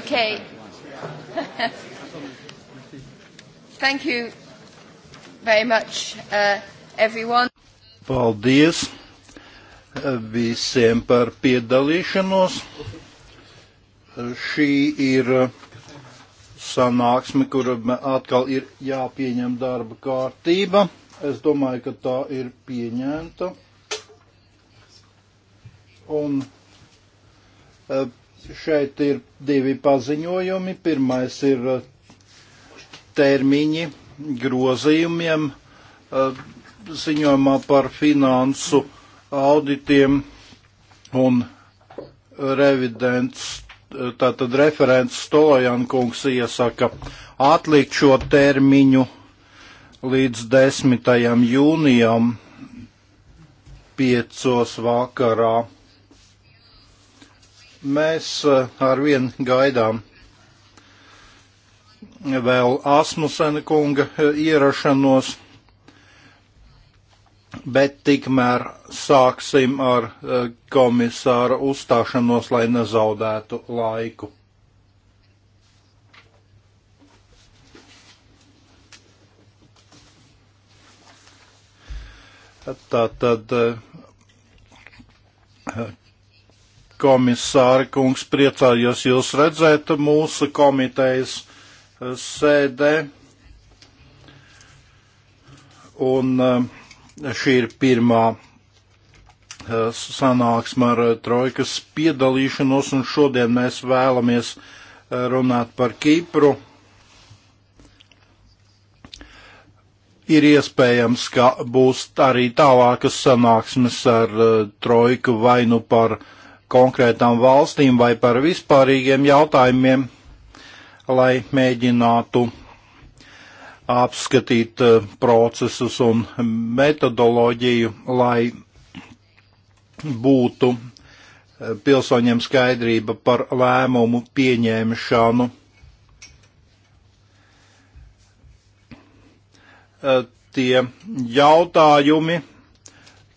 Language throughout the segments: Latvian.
Okay. Thank you very much, uh, everyone. Paldies uh, visiem par piedalīšanos. Uh, šī ir uh, sanāksme, kura atkal ir jāpieņem darba kārtība. Es domāju, ka tā ir pieņemta. Un Šeit ir divi paziņojumi. Pirmais ir uh, termiņi grozījumiem uh, ziņojumā par finansu auditiem un revidents, uh, tātad referents Stolojankungs iesaka atlikt šo termiņu līdz 10. jūnijam piecos vakarā. Mēs eh, ar vien gaidām vēl Asmusena kunga eh, ierašanos, bet tikmēr sāksim ar eh, komisāra uzstāšanos, lai nezaudētu laiku. Tātad komisāri kungs, priecājos jūs redzēt mūsu komitejas eh, sēdē. Un eh, šī ir pirmā eh, sanāksme ar trojkas piedalīšanos, un šodien mēs vēlamies runāt par Kipru. ir iespējams, ka būs arī tālākas sanāksmes ar uh, trojku vai nu par konkrētām valstīm vai par vispārīgiem jautājumiem, lai mēģinātu apskatīt eh, procesus un metodoloģiju, lai būtu eh, pilsoņiem skaidrība par lēmumu pieņemšanu. Eh, tie jautājumi,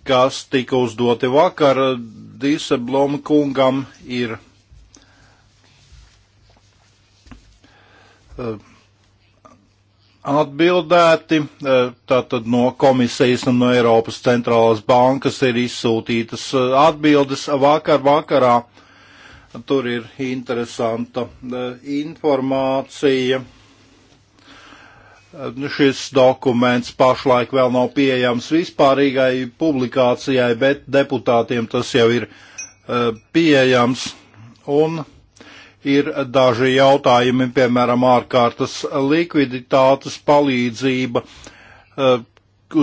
kas tika uzdoti vakar, Dīseblom kungam ir eh, atbildēti, eh, tātad no komisijas un no Eiropas centrālās bankas ir izsūtītas eh, atbildes vakar vakarā. Tur ir interesanta informācija. Šis dokuments pašlaik vēl nav pieejams vispārīgai publikācijai, bet deputātiem tas jau ir e, pieejams. Un ir daži jautājumi, piemēram, ārkārtas likviditātes palīdzība, e,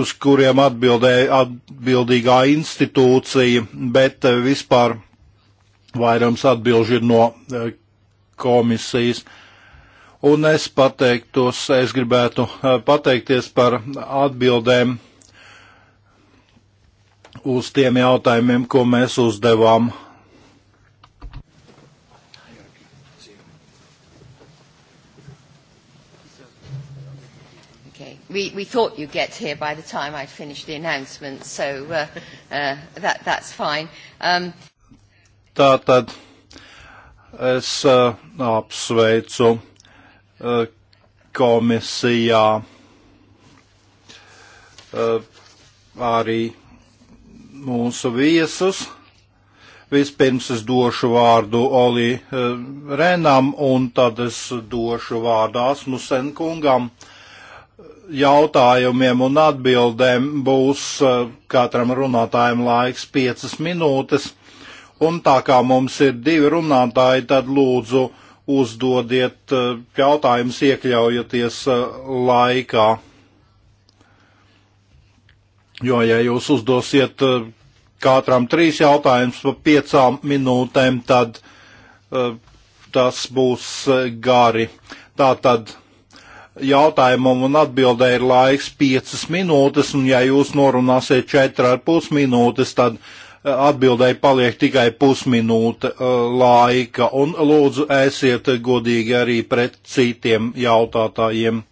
uz kuriem atbildēja atbildīgā institūcija, bet e, vispār vairums atbilži ir no komisijas. Uh, Un es pateiktos, es gribētu uh, pateikties par atbildēm uz tiem jautājumiem, ko mēs uzdevām. Okay. We, we thought you'd get here by the time I'd finished the announcement, so uh, uh, that, that's fine. Um... Tātad es uh, apsveicu komisijā eh, arī mūsu viesus. Vispirms es došu vārdu Oli eh, Renam un tad es došu vārdu Asmusen kungam. Jautājumiem un atbildēm būs eh, katram runātājam laiks piecas minūtes. Un tā kā mums ir divi runātāji, tad lūdzu uh, uzdodiet eh, jautājumus, iekļaujoties eh, laikā. Jo, ja jūs uzdosiet eh, katram trīs jautājumus pa piecām minūtēm, tad tas būs gari. Tātad jautājumam un atbildē ir laiks piecas minūtes, un ja jūs norunāsiet četri ar pus minūtes, tad uh, atbildēji paliek tikai pusminūte uh, laika, un lūdzu esiet godīgi arī pret citiem jautātājiem.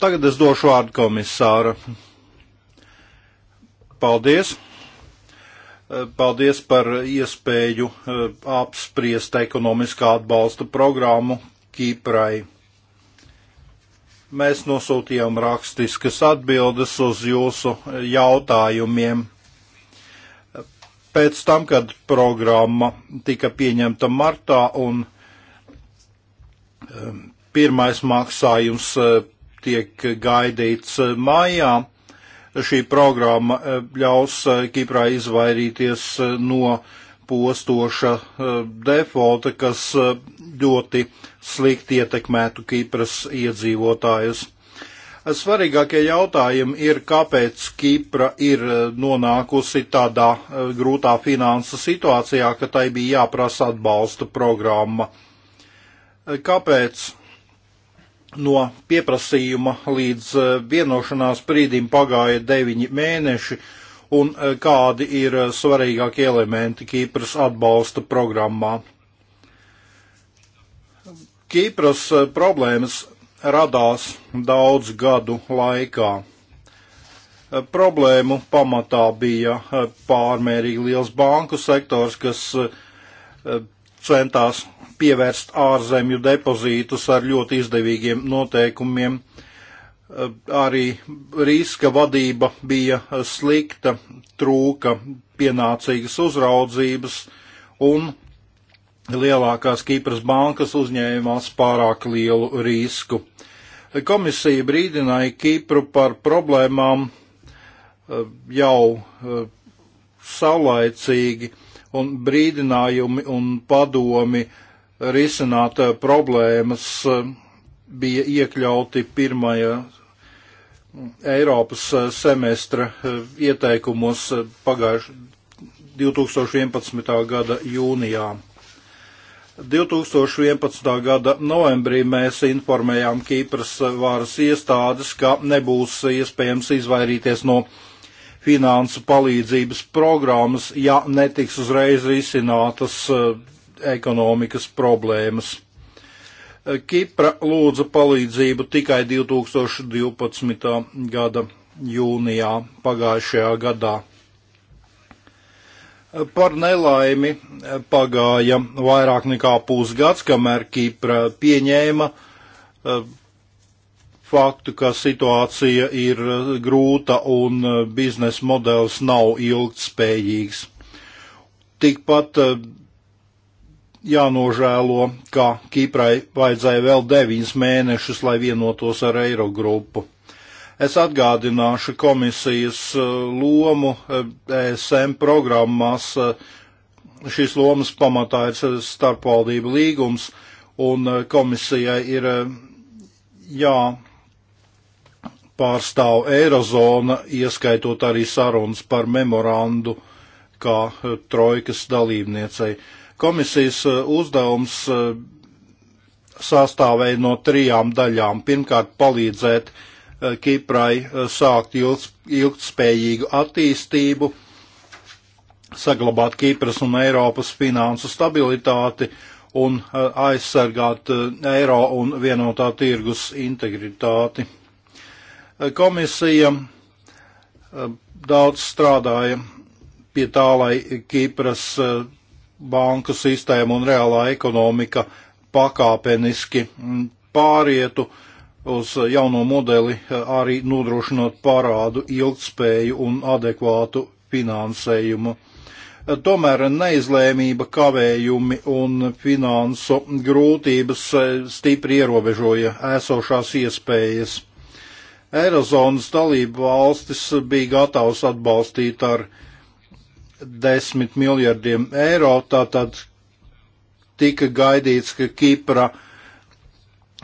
Tagad es došu vārdu komisāra. Paldies! Uh, paldies par iespēju uh, apspriest ekonomiskā atbalsta programmu Kīprai. Mēs nosūtījām rakstiskas atbildes uz jūsu jautājumiem pēc tam, kad programma tika pieņemta martā un um, pirmais maksājums uh, tiek gaidīts uh, maijā, šī programma uh, ļaus Kiprai izvairīties no postoša defolta, kas ļoti slikti ietekmētu Kipras iedzīvotājus. Svarīgākie jautājumi ir, kāpēc Kipra ir eh, nonākusi tādā eh, grūtā finansu situācijā, ka tai bija jāprasa atbalsta programma. Eh, kāpēc no pieprasījuma līdz vienošanās brīdim pagāja deviņi mēneši un kādi ir svarīgākie elementi Kipras atbalsta programmā? Kipras problēmas radās daudz gadu laikā. Eh, problēmu pamatā bija eh, pārmērīgi liels banku sektors, kas eh, centās pievērst ārzemju depozītus ar ļoti izdevīgiem noteikumiem. Arī riska vadība bija slikta, trūka pienācīgas uzraudzības un lielākās Kīpras bankas uzņēmās pārāk lielu risku. Komisija brīdināja Kīpru par problēmām eh, jau eh, saulaicīgi un brīdinājumi un padomi risināt eh, problēmas bija iekļauti pirmajā mm, Eiropas semestra ieteikumos pagājuši 2011. gada jūnijā. 2011. gada novembrī mēs informējām Kīpras varas iestādes, ka nebūs iespējams izvairīties no finansu palīdzības programmas, ja netiks uzreiz risinātas eh, ekonomikas problēmas. Eh, Kipra lūdza palīdzību tikai 2012. gada jūnijā pagājušajā gadā. Par nelaimi pagāja vairāk nekā pusgads, kamēr Kipra pieņēma e, faktu, ka situācija ir grūta un e, biznesa modelis nav ilgtspējīgs. Tikpat e, jānožēlo, ka Kiprai vajadzēja vēl deviņus mēnešus, lai vienotos ar Eirogrupu. Es atgādināšu komisijas eh, lomu ESM eh, e programmās. Eh, šīs lomas pamatā ir starpvaldību līgums, un komisijai ir jāpārstāv Eirozona, ieskaitot arī sarunas par memorandu kā trojkas dalībniecei. Komisijas uzdevums sastāvēja no trijām daļām. Pirmkārt, palīdzēt uh, Eh, Kiprai eh, sākt ilgtspējīgu attīstību, saglabāt Kipras un Eiropas finansu stabilitāti un eh, aizsargāt eiro un vienotā tirgus integritāti. Komisija daudz strādāja pie tā, lai Kipras banku sistēma un reālā ekonomika pakāpeniski mm, pārietu uh, uz jauno modeli eh, arī nodrošinot parādu ilgtspēju un adekvātu finansējumu. Eh, tomēr neizlēmība, kavējumi un finansu grūtības eh, stipri ierobežoja esošās iespējas. Eirozonas dalību valstis bija gatavs atbalstīt ar 10 miljardiem eiro, tātad tika gaidīts, ka Kipra uh,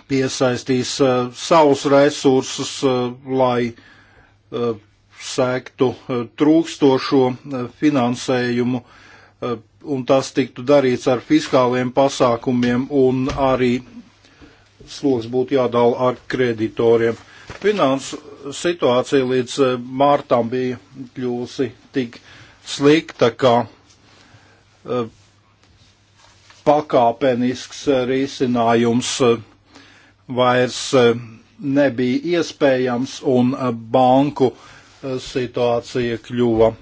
piesaistīs uh, savus resursus, uh, lai uh, sēktu trūkstošo finansējumu, un tas tiktu darīts ar fiskāliem pasākumiem, un arī sloks būtu jādala ar kreditoriem. Finansu situācija līdz mārtam bija kļūsi tik slikta, ka pakāpenisks risinājums uh, vairs eh, nebija iespējams un eh, banku eh, situācija kļuva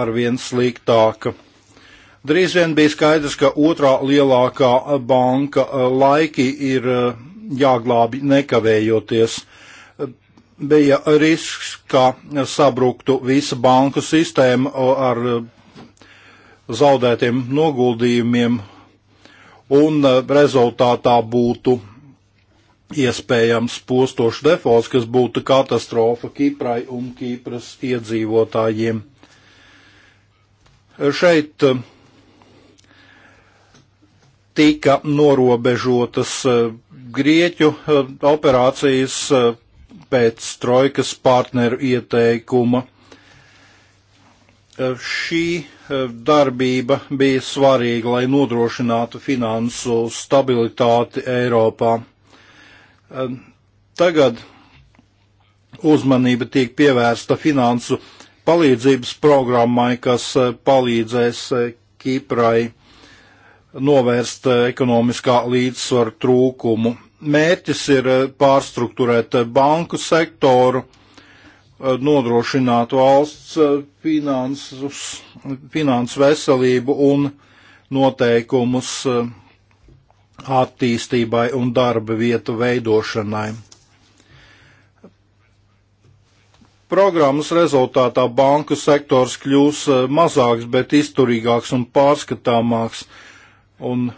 arvien sliktāka. Drīz vien bija skaidrs, ka otrā lielākā banka laiki ir jāglābi nekavējoties. Bija risks, ka sabruktu visa banku sistēma ar zaudētiem noguldījumiem un eh, rezultātā būtu iespējams postošs defaults, kas būtu katastrofa Kiprai un Kīpras iedzīvotājiem. Šeit eh, tika norobežotas eh, Grieķu operācijas pēc trojkas partneru ieteikuma. Šī darbība bija svarīga, lai nodrošinātu finansu stabilitāti Eiropā. Tagad uzmanība tiek pievērsta finansu palīdzības programmai, kas eh, palīdzēs eh, Kiprai novērst eh, ekonomiskā līdzsvaru trūkumu. Mērķis ir pārstruktūrēt banku sektoru, Eh, nodrošināt valsts eh, finansus, finansu veselību un noteikumus eh, attīstībai un darba vietu veidošanai. Programmas rezultātā banku sektors kļūs mazāks, bet izturīgāks un pārskatāmāks, un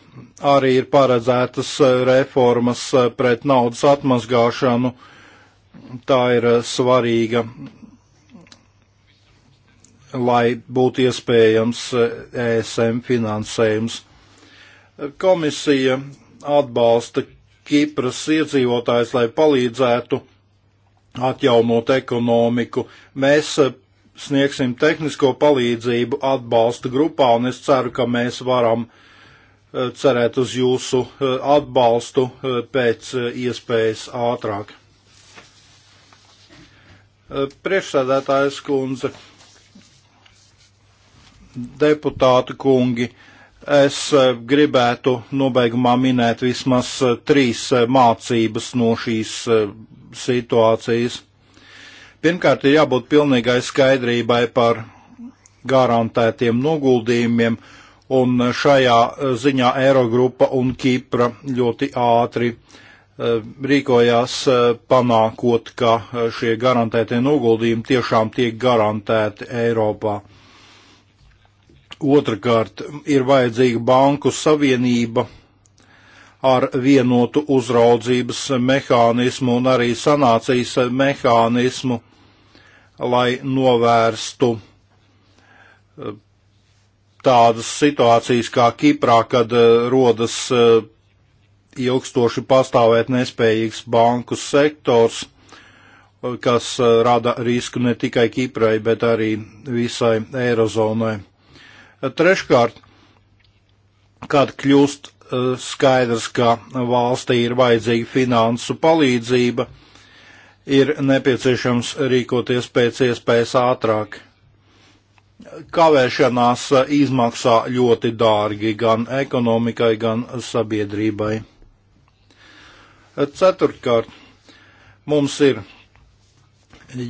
arī ir paredzētas reformas pret naudas atmazgāšanu, uh, tā ir eh, svarīga, lai būtu iespējams ESM eh, finansējums. Komisija atbalsta Kipras iedzīvotājs, lai palīdzētu atjaunot ekonomiku. Mēs eh, sniegsim tehnisko palīdzību atbalsta grupā, un es ceru, ka mēs varam cerēt uz jūsu atbalstu pēc iespējas ātrāk. Eh, priekšsēdētājas kundze, deputāti kungi, es eh, gribētu nobeigumā minēt vismaz eh, trīs mācības no šīs situācijas. Pirmkārt, ir jābūt pilnīgai skaidrībai par garantētiem noguldījumiem, un šajā ziņā Eirogrupa un Kipra ļoti ātri uh, Eh, rīkojās eh, panākot, ka eh, šie garantētie noguldījumi tiešām tiek garantēti Eiropā. Otrakārt, ir vajadzīga banku savienība ar vienotu uzraudzības mehānismu un arī sanācijas mehānismu, lai novērstu tādas situācijas kā Kiprā, kad rodas ilgstoši pastāvēt nespējīgs banku sektors, kas eh, rada risku ne tikai Kiprai, bet arī visai Eirozonai. Treškārt, kad kļūst eh, skaidrs, ka valstī ir vajadzīga finansu palīdzība, ir nepieciešams rīkoties pēc iespējas ātrāk. Kavēšanās izmaksā ļoti dārgi gan ekonomikai, gan sabiedrībai. Ceturtkārt, mums ir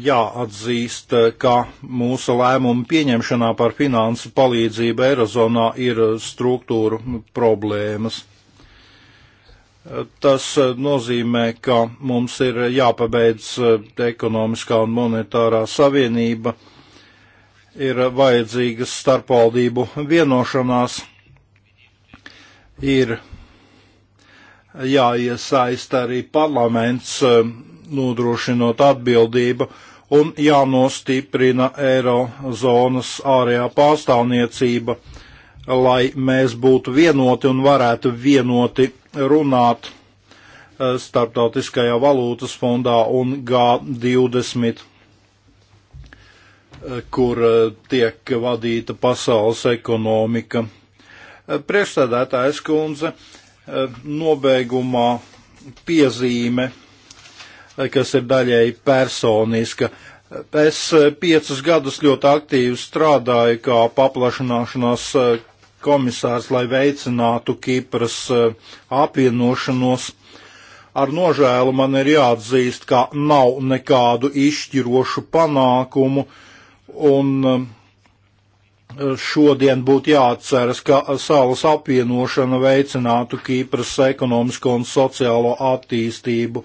jāatzīst, ka mūsu lēmumu pieņemšanā par finansu palīdzību Eirozonā ir struktūru problēmas. Tas nozīmē, ka mums ir jāpabeidz ekonomiskā un monetārā savienība, ir vajadzīgas starpvaldību vienošanās, ir jāiesaista arī parlaments, um, nodrošinot atbildību un jānostiprina Eirozonas ārējā pārstāvniecība, lai mēs būtu vienoti un varētu vienoti runāt uh, Startautiskajā valūtas fondā un G20 uh, kur uh, tiek vadīta pasaules ekonomika. Priekšstādātājs kundze, uh, Eh, nobeigumā piezīme, eh, kas ir daļēji personiska. Eh, es piecus gadus ļoti aktīvi strādāju kā paplašanāšanās komisārs, lai veicinātu Kipras apvienošanos. Ar nožēlu man ir jāatzīst, ka nav nekādu izšķirošu panākumu, un šodien būtu jāatceras, ka salas apvienošana veicinātu Kīpras ekonomisko un sociālo attīstību.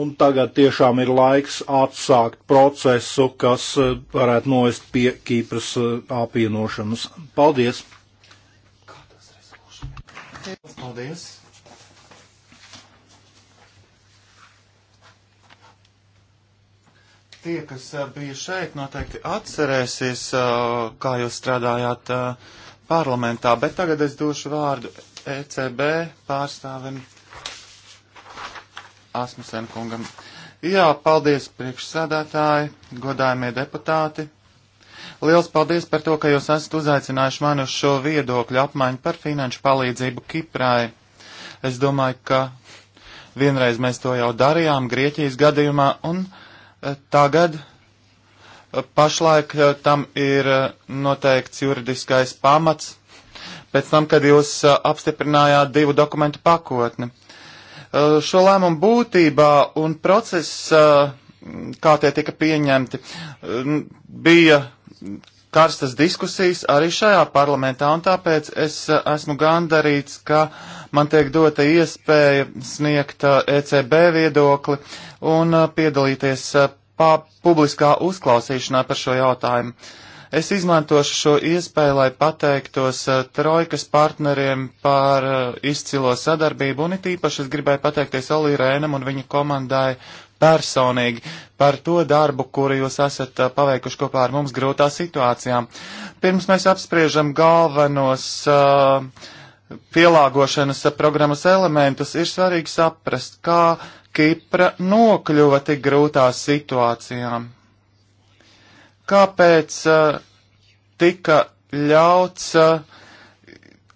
Un tagad tiešām ir laiks atsākt procesu, kas eh, varētu novest pie Kīpras eh, apvienošanas. Paldies! Paldies! Tie, kas eh, bija šeit, noteikti atcerēsies, eh, kā jūs strādājāt eh, parlamentā, bet tagad es došu vārdu ECB pārstāvim Asmusen kungam. Jā, paldies priekšsādātāji, godājumie deputāti. Liels paldies par to, ka jūs esat uzaicinājuši mani uz šo viedokļu apmaiņu par finanšu palīdzību Kiprai. Es domāju, ka vienreiz mēs to jau darījām Grieķijas gadījumā, un tagad eh, pašlaik eh, tam ir eh, noteikts juridiskais pamats, pēc tam, kad jūs apstiprinājāt divu dokumentu pakotni. Šo lēmumu būtībā un process, kā tie tika pieņemti, bija karstas diskusijas arī šajā parlamentā, un tāpēc es eh, esmu gandarīts, ka man tiek dota iespēja sniegt ECB eh, e viedokli un eh, piedalīties publiskā uzklausīšanā par šo jautājumu. Es izmantošu šo iespēju, lai pateiktos trojkas partneriem par izcilo sadarbību, un it īpaši es gribēju pateikties Olī Rēnam un viņa komandai personīgi par to darbu, kuru jūs esat uh, paveikuši kopā ar mums grūtā situācijā. Pirms mēs apspriežam galvenos uh, pielāgošanas uh, programmas elementus, ir svarīgi saprast, kā Kipra nokļuva tik grūtā situācijā. Kāpēc uh, tika ļauts uh,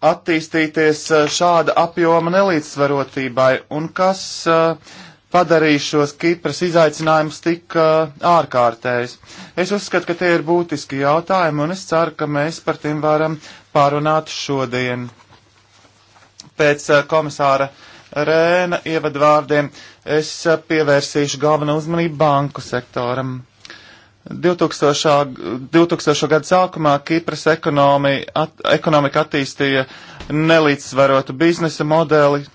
attīstīties uh, šāda apjoma nelīdzsvarotībai un kas uh, padarīšos Kipras izaicinājumus tik uh, ārkārtējus. Es uzskatu, ka tie ir būtiski jautājumi, un es ceru, ka mēs par tiem varam pārunāt šodien. Pēc uh, komisāra Rēna ievadvārdiem es uh, pievērsīšu galvenu uzmanību banku sektoram. 2000, 2000. gada sākumā Kipras ekonomi, at, ekonomika attīstīja nelīdzsvarotu biznesa modeli,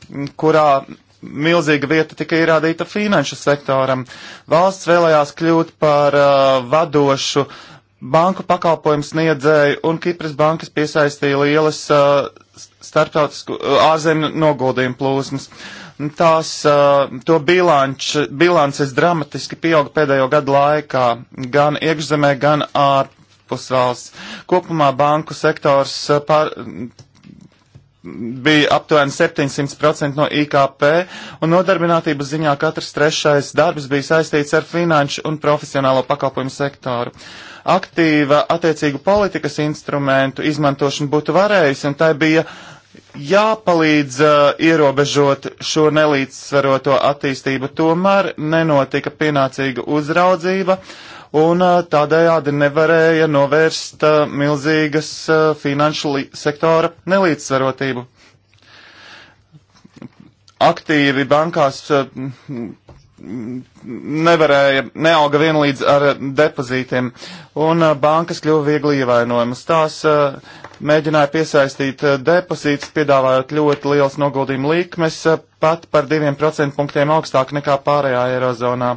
kurā milzīga vieta tika ierādīta finanšu sektoram. Valsts vēlējās kļūt par uh, vadošu banku pakalpojumu sniedzēju, un Kipras bankas piesaistīja lielas uh, starptautisku uh, ārzemju noguldījumu plūsmas. Tās, uh, to bilanč, bilances dramatiski pieauga pēdējo gadu laikā, gan iekšzemē, gan ārpus valsts. Kopumā banku sektors uh, pār, bija aptuveni 700% no IKP, un nodarbinātības ziņā katrs trešais darbs bija saistīts ar finanšu un profesionālo pakalpojumu sektoru. Aktīva attiecīgu politikas instrumentu izmantošana būtu varējusi, un tai bija uh, jāpalīdz uh, ierobežot šo nelīdzsvaroto attīstību, tomēr nenotika pienācīga uzraudzība un uh, tādējādi nevarēja novērst uh, milzīgas uh, finanšu sektora nelīdzsvarotību. Aktīvi bankās uh, nevarēja, neauga vienlīdz ar depozītiem, un uh, bankas kļuva viegli ievainojamas. Tās uh, mēģināja piesaistīt eh, depozītus, piedāvājot ļoti liels noguldījuma likmes, eh, pat par 2% punktiem augstāk nekā pārējā Eirozonā.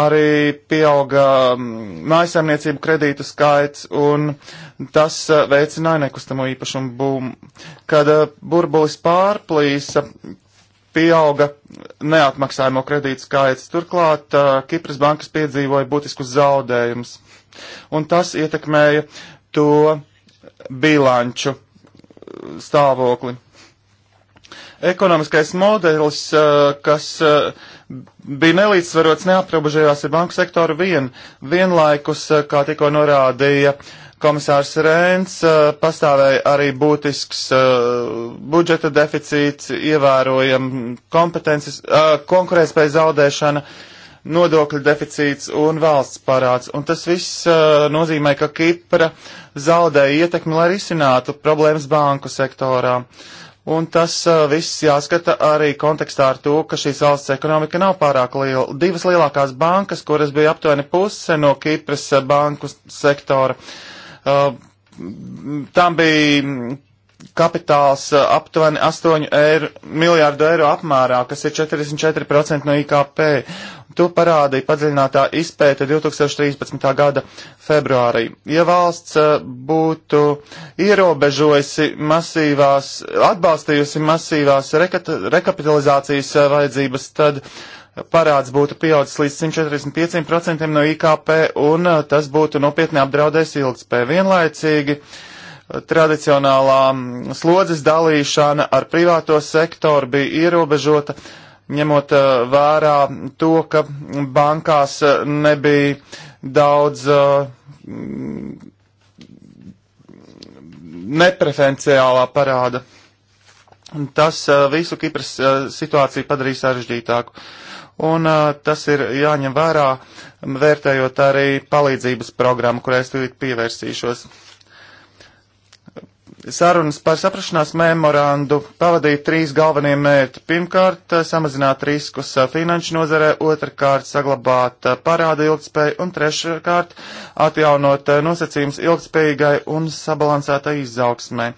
Arī pieauga mm, mājasemniecību kredītu skaits, un tas eh, veicināja nekustamo īpašumu būmu. Kad burbulis pārplīsa, pieauga neatmaksājamo kredītu skaits. Turklāt Kipras bankas piedzīvoja būtiskus zaudējumus, un tas ietekmēja to bilanču eh, stāvokli. Ekonomiskais modelis, eh, kas eh, bija nelīdzsvarots, neaprobežojās ar banku sektoru vien. Vienlaikus, kā tikko norādīja komisārs Rēns, pastāvēja arī būtisks budžeta deficīts, ievērojama kompetences, konkurētspēja zaudēšana nodokļu deficīts un valsts parāds. Un tas viss uh, nozīmē, ka Kipra zaudēja ietekmi, lai risinātu problēmas banku sektorā. Un tas uh, viss jāskata arī kontekstā ar to, ka šīs valsts ekonomika nav pārāk liela. Divas lielākās bankas, kuras bija aptuveni puse no Kipras uh, banku sektora, uh, tam bija kapitāls eh, aptuveni 8 eiro, miljārdu eiro apmērā, kas ir 44% no IKP. To parādīja padziļinātā izpēta 2013. gada februārī. Ja valsts eh, būtu ierobežojusi masīvās, atbalstījusi masīvās rekapitalizācijas eh, vajadzības, tad parāds būtu pieaudzis līdz 145% no IKP un tas būtu nopietni apdraudējis ilgspēju. Vienlaicīgi uh, tradicionālā slodzes dalīšana ar privāto sektoru bija ierobežota, ņemot uh, vērā to, ka bankās uh, nebija daudz uh, nepreferenciālā parāda. Tas visu Kipras situāciju padarīja sarežģītāku. Un tas ir jāņem vērā, vērtējot arī palīdzības programmu, kurai es tūlīt pievērsīšos. Sarunas par saprašanās memorandu pavadīja trīs galvenie mērķi. Pirmkārt, eh, samazināt riskus eh, finanšu nozarē, otrkārt, saglabāt eh, parāda ilgspēju un treškārt, atjaunot nosacījums ilgspējīgai un sabalansētai izaugsmē.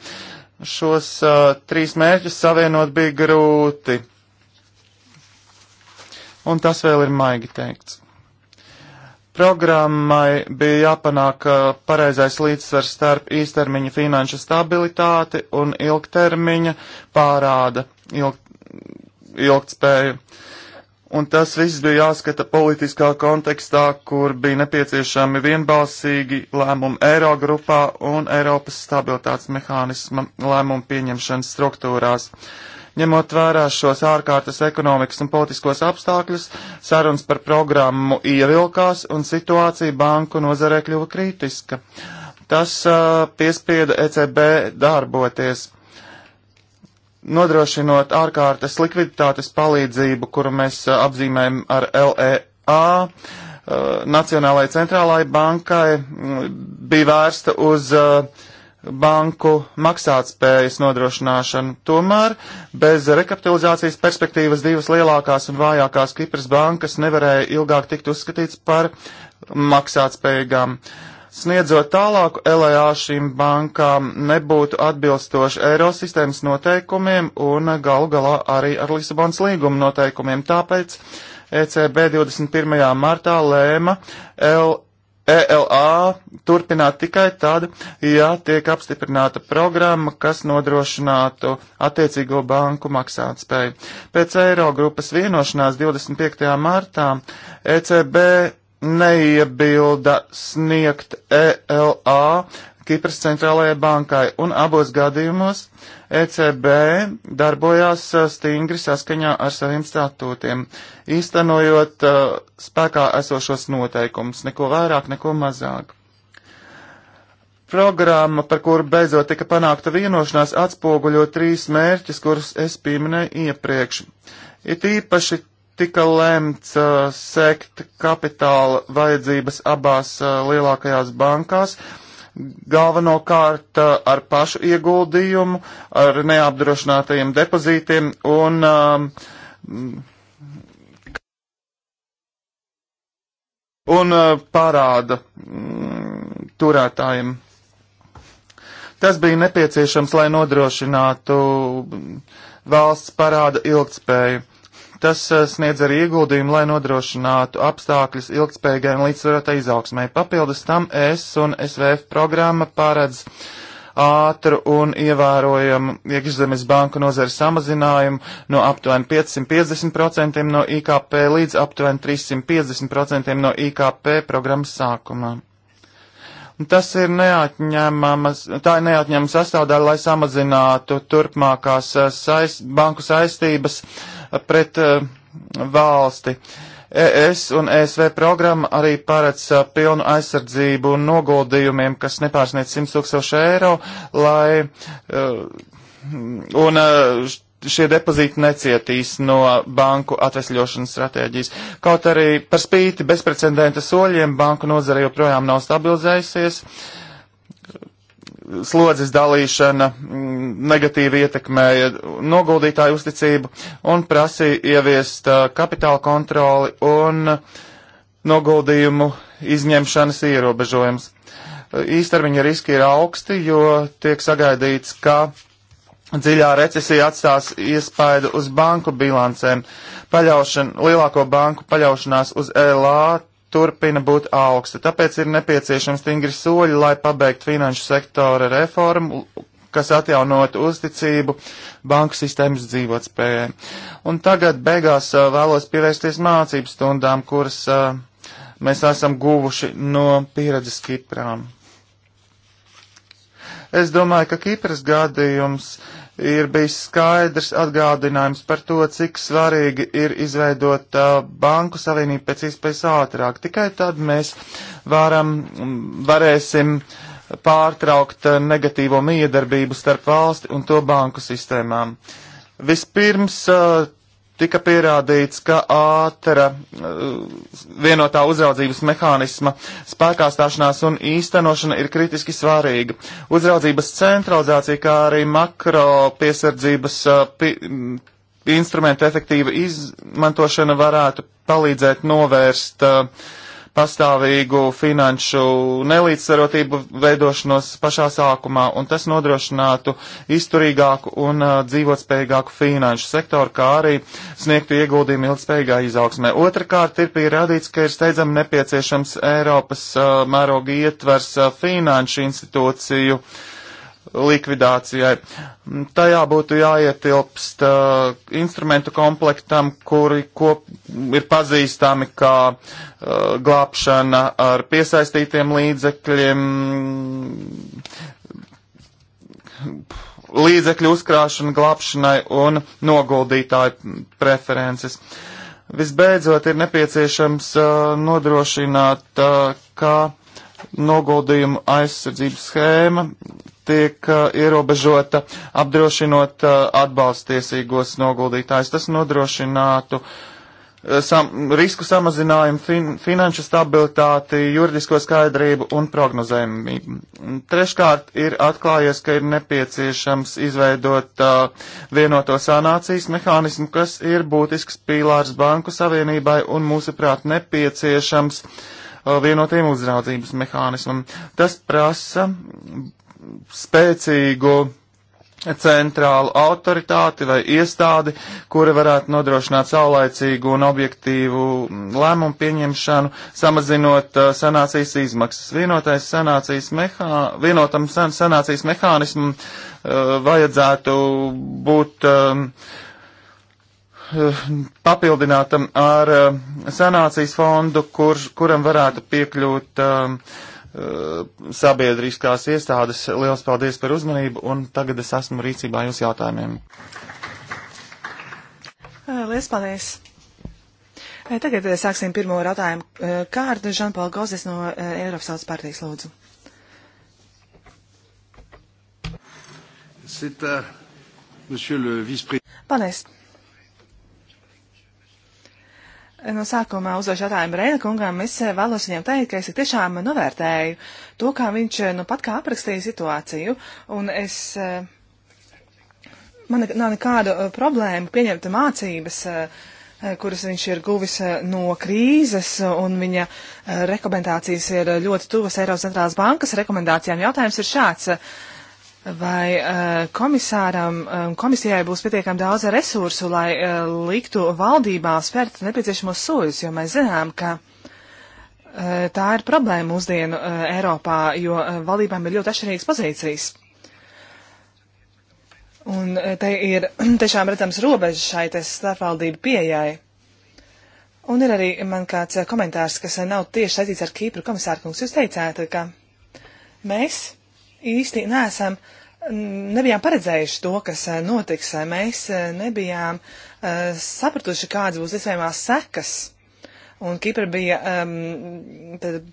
Šos uh, trīs mērķus savienot bija grūti. Un tas vēl ir maigi teikts. Programmai bija jāpanāk uh, pareizais līdzsvars starp īstermiņa finanšu stabilitāti un ilgtermiņa pārāda ilg, ilgtspēju. Un tas viss bija jāskata politiskā kontekstā, kur bija nepieciešami vienbalsīgi lēmumi Eirogrupā un Eiropas stabilitātes mehānisma lēmumu pieņemšanas struktūrās. Uh, Ņemot vērā šos ārkārtas ekonomikas un politiskos apstākļus, sarunas par programmu ievilkās un situācija banku nozarē kļuva kritiska. Tas uh, piespieda ECB darboties, nodrošinot ārkārtas likviditātes palīdzību, kuru mēs uh, apzīmējam ar LEA. Nacionālajai centrālajai bankai bija vērsta uz uh, banku maksātspējas nodrošināšanu. Tomēr bez rekapitalizācijas perspektīvas divas lielākās un vājākās Kipras bankas nevarēja ilgāk tikt uzskatīts par maksātspējīgām. Sniedzot tālāku LA šīm bankām nebūtu atbilstoši Eirosistēmas noteikumiem un galu galā arī ar Lisabonas līguma noteikumiem. Tāpēc ECB 21. martā lēma LA ELA turpināt tikai tad, ja tiek apstiprināta programma, kas nodrošinātu attiecīgo banku maksātspēju. Pēc Eiro grupas vienošanās 25. martā ECB neiebilda sniegt ELA Kipras centrālajai bankai, un abos gadījumos ECB darbojās uh, stingri saskaņā ar saviem statūtiem, īstenojot uh, spēkā esošos noteikumus, neko vairāk, neko mazāk. Programma, par kuru beidzot tika panākta vienošanās, atspoguļo trīs mērķus, kurus es pieminēju iepriekš. It īpaši tika lemts uh, sekt kapitāla vajadzības abās uh, lielākajās bankās, uh, galvenokārt uh, ar pašu ieguldījumu, ar neapdrošinātajiem depozītiem un um, un uh, parāda mm, turētājiem. Tas bija nepieciešams, lai nodrošinātu mm, valsts parāda ilgtspēju. Tas eh, sniedz arī ieguldījumu, lai nodrošinātu apstākļus ilgspējīgai un līdzsvarotai izaugsmai. Papildus tam ES un SVF programma paredz ātru un ievērojamu iekšzemes banku nozares samazinājumu no aptuveni 550% no IKP līdz aptuveni 350% no IKP programmas sākumā. Tas ir neatņemamas, tā ir neatņemama sastāvdaļa, lai samazinātu turpmākās eh, saist, banku saistības eh, pret uh, valsti. ES un ESV programma arī paredz uh, pilnu aizsardzību un noguldījumiem, kas nepārsniec 100 tūkstoši eiro, lai, uh, un šie depozīti necietīs no banku atvesļošanas stratēģijas. Kaut arī par spīti bezprecedenta soļiem banku nozare joprojām nav stabilizējusies. Slodzes dalīšana mm, negatīvi ietekmēja noguldītāju uzticību un prasīja ieviest kapitāla kontroli un noguldījumu izņemšanas ierobežojums. Īstermiņa riski ir augsti, jo tiek sagaidīts, ka Dziļā recesija atstās iespaidu uz banku bilancēm. Paļaušana, lielāko banku paļaušanās uz LA turpina būt augsta, tāpēc ir nepieciešams stingri soļi, lai pabeigtu finanšu sektora reformu, kas atjaunot uzticību banku sistēmas dzīvotspējai. Un tagad beigās uh, vēlos pievērsties mācību stundām, kuras uh, mēs esam guvuši no pieredzes Kiprām. Es domāju, ka Kipras gadījums uh, ir bijis skaidrs atgādinājums par to, cik svarīgi ir izveidot uh, banku savienību pēc iespējas ātrāk. Tikai tad mēs varam, varēsim pārtraukt negatīvo miedarbību starp valsti un to banku sistēmām. Vispirms uh, tika pierādīts, ka ātra uh, vienotā uzraudzības mehānisma spēkā stāšanās un īstenošana ir kritiski svarīga. Uzraudzības centralizācija, kā arī makro piesardzības uh, pi, instrumenta efektīva izmantošana varētu palīdzēt novērst uh, pastāvīgu finanšu nelīdzsvarotību veidošanos pašā sākumā, un tas nodrošinātu izturīgāku un uh, dzīvotspējīgāku finanšu sektoru, kā arī sniegtu ieguldījumu ilgspējīgā izaugsmē. Otrakārt ir pierādīts, ka ir steidzami nepieciešams Eiropas uh, mēroga ietvers uh, finanšu institūciju uh, likvidācijai. Tajā būtu jāietilpst uh, instrumentu komplektam, kuri kop, ir pazīstami kā uh, glābšana ar piesaistītiem līdzekļiem, līdzekļu uzkrāšana glābšanai un noguldītāju preferences. Visbeidzot, ir nepieciešams uh, nodrošināt, uh, ka noguldījumu aizsardzības schēma tiek uh, ierobežota, apdrošinot uh, atbalstiesīgos noguldītājus. Tas nodrošinātu uh, sam, risku samazinājumu, fin, finanšu stabilitāti, juridisko skaidrību un prognozējumību. Treškārt ir atklājies, ka ir nepieciešams izveidot uh, vienoto sanācijas mehānismu, kas ir būtisks pīlārs banku savienībai un mūsuprāt nepieciešams uh, vienotiem uzraudzības mehānismam. Tas prasa spēcīgu centrālu autoritāti vai iestādi, kura varētu nodrošināt saulaicīgu un objektīvu lēmumu pieņemšanu, samazinot uh, sanācijas izmaksas. Vienotais sanācijas mehā, vienotam san, sanācijas mehānismam uh, vajadzētu būt um, papildinātam ar uh, sanācijas fondu, kur, kuram varētu piekļūt uh, Eh, sabiedriskās iestādes. Liels paldies par uzmanību, un tagad es esmu rīcībā jūsu jautājumiem. Eh, liels paldies! Eh, tagad sāksim pirmo jautājumu kārtu. Žanpaula Gozes no Eiropas Tautas partijas lūdzu. Euh, paldies! No sākumā uzdošu jautājumu Reina kungam. Es eh, vēlos viņam teikt, ka es tiešām novērtēju to, kā viņš eh, nu pat kā aprakstīja situāciju. Un es, eh, man nav nekādu problēmu pieņemt mācības, kuras viņš ir guvis no krīzes, un viņa rekomendācijas ir ļoti tuvas Eiropas centrālās bankas rekomendācijām. Jautājums ir šāds Vai uh, komisāram, um, komisijai būs pietiekami daudz resursu, lai uh, liktu valdībā spērt nepieciešamos soļus, jo mēs zinām, ka uh, tā ir problēma mūsdienu uh, Eiropā, jo uh, valdībām ir ļoti atšķirīgas pozīcijas. Un uh, te ir tiešām redzams robežas šai starpvaldību pieejai. Un ir arī man kāds uh, komentārs, kas uh, nav tieši saistīts ar Kīpru komisāru, kungs. Jūs teicāt, ka mēs īsti neesam, nebijām paredzējuši to, kas e, notiks. E, mēs e, nebijām sapratuši, kādas būs iespējamās sekas. Un Kipra bija um,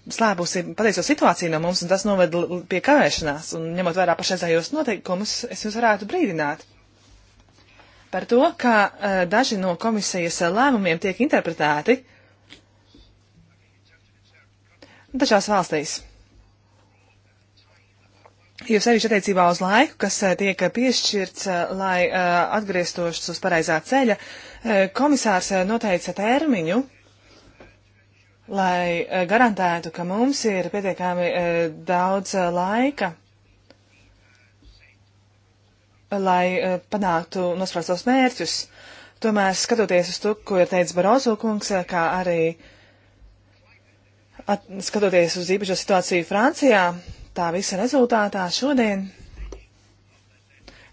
slēpusi pateico situāciju no mums, un tas noveda pie kavēšanās. Un ņemot vērā pašreizējos noteikumus, es jūs varētu brīdināt par to, ka uh, daži no komisijas lēmumiem tiek interpretēti dažās valstīs jo sevišķi attiecībā uz laiku, kas eh, tiek eh, piešķirts, eh, lai atgrieztos uz pareizā ceļa, komisārs noteica termiņu, lai garantētu, ka mums ir pietiekami daudz laika, lai panāktu nosprāstos mērķus. Tomēr, skatoties uz to, ko ir teicis Barozo kungs, kā arī at, skatoties uz īpašo situāciju Francijā, tā visa rezultātā šodien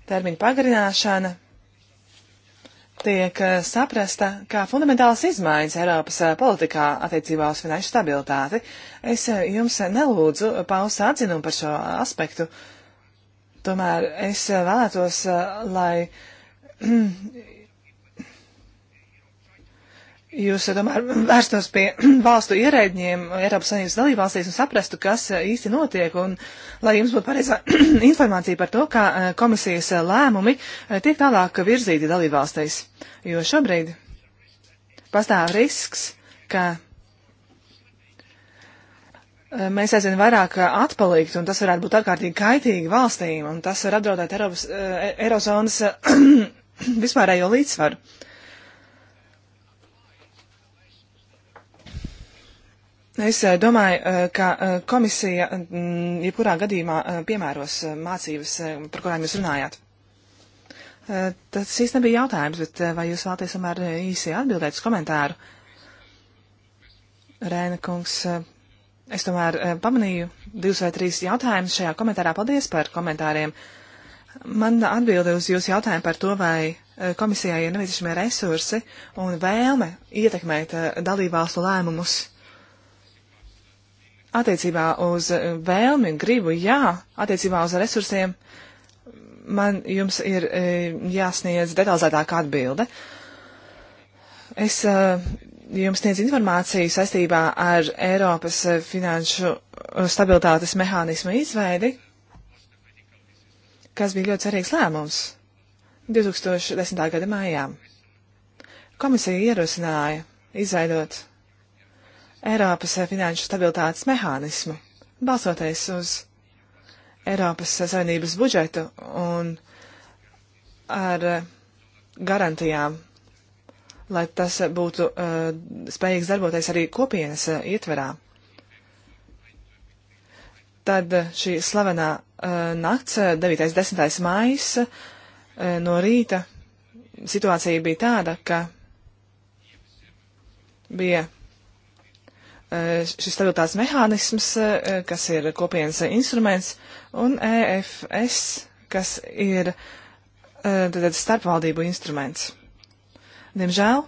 termiņu pagarināšana tiek eh, saprasta kā fundamentāls izmaiņas Eiropas eh, politikā attiecībā uz finanšu stabilitāti. Es eh, jums nelūdzu paust atzinumu par šo aspektu. Tomēr es vēlētos, lai jūs, domāju, eh, vērstos pie valstu ierēģiem Eiropas Savienības dalībvalstīs un saprastu, kas eh, īsti notiek, un lai jums būtu pareizā informācija par to, kā eh, komisijas lēmumi tiek tālāk virzīti dalībvalstīs. Jo šobrīd pastāv risks, ka mēs aizvien vairāk atpalikt, un tas varētu būt ārkārtīgi kaitīgi valstīm, un tas var apdraudēt Eiropas, Eirozonas vispārējo līdzsvaru. Es eh, domāju, eh, ka eh, komisija mm, jebkurā gadījumā piemēros mācības, par kurām jūs runājāt. Tas īsti nebija jautājums, bet vai jūs vēlaties tomēr īsi atbildēt uz komentāru? Rēna kungs, es tomēr pamanīju divus vai trīs jautājumus šajā komentārā. Paldies par komentāriem. Man atbilde uz jūsu jautājumu par to, vai komisijai ir nepieciešamie resursi un vēlme ietekmēt dalībvalstu lēmumus Attiecībā uz eh, vēlmi, gribu, jā, attiecībā uz resursiem man jums ir eh, jāsniedz detalizētāka atbilde. Es eh, jums sniedz informāciju saistībā ar Eiropas finanšu stabilitātes mehānismu izveidi, kas bija ļoti svarīgs lēmums 2010. gada mājām. Komisija ierosināja izveidot Eiropas finanšu stabilitātes mehānismu, balsoties uz Eiropas Savienības budžetu un ar garantijām, lai tas būtu uh, spējīgs darboties arī kopienas uh, ietverā. Tad šī slavenā uh, nakts, 9.10. mājas, uh, no rīta situācija bija tāda, ka bija E, šis stabilitātes mehānisms, e, kas ir kopienas instruments, un EFS, kas ir tātad e, starpvaldību instruments. Diemžēl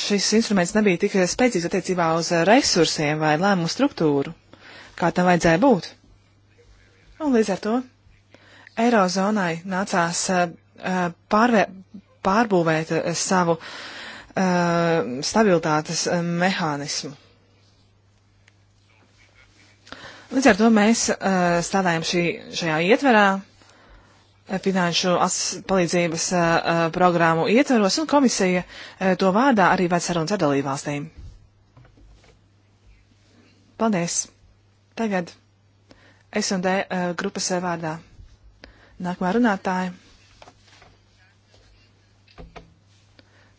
šis instruments nebija tik spēcīgs attiecībā uz resursiem vai lēmumu struktūru, kā tam vajadzēja būt. Un līdz ar to Eirozonai nācās pārvē, pārbūvēt savu uh, Uh, stabilitātes uh, mehānismu. Līdz ar to mēs uh, strādājam šī, šajā ietverā finanšu palīdzības programmu ietveros, un komisija to vārdā arī ved sarunas ar dalībvalstīm. Paldies! Tagad S&D grupas vārdā. Nākamā runātāja.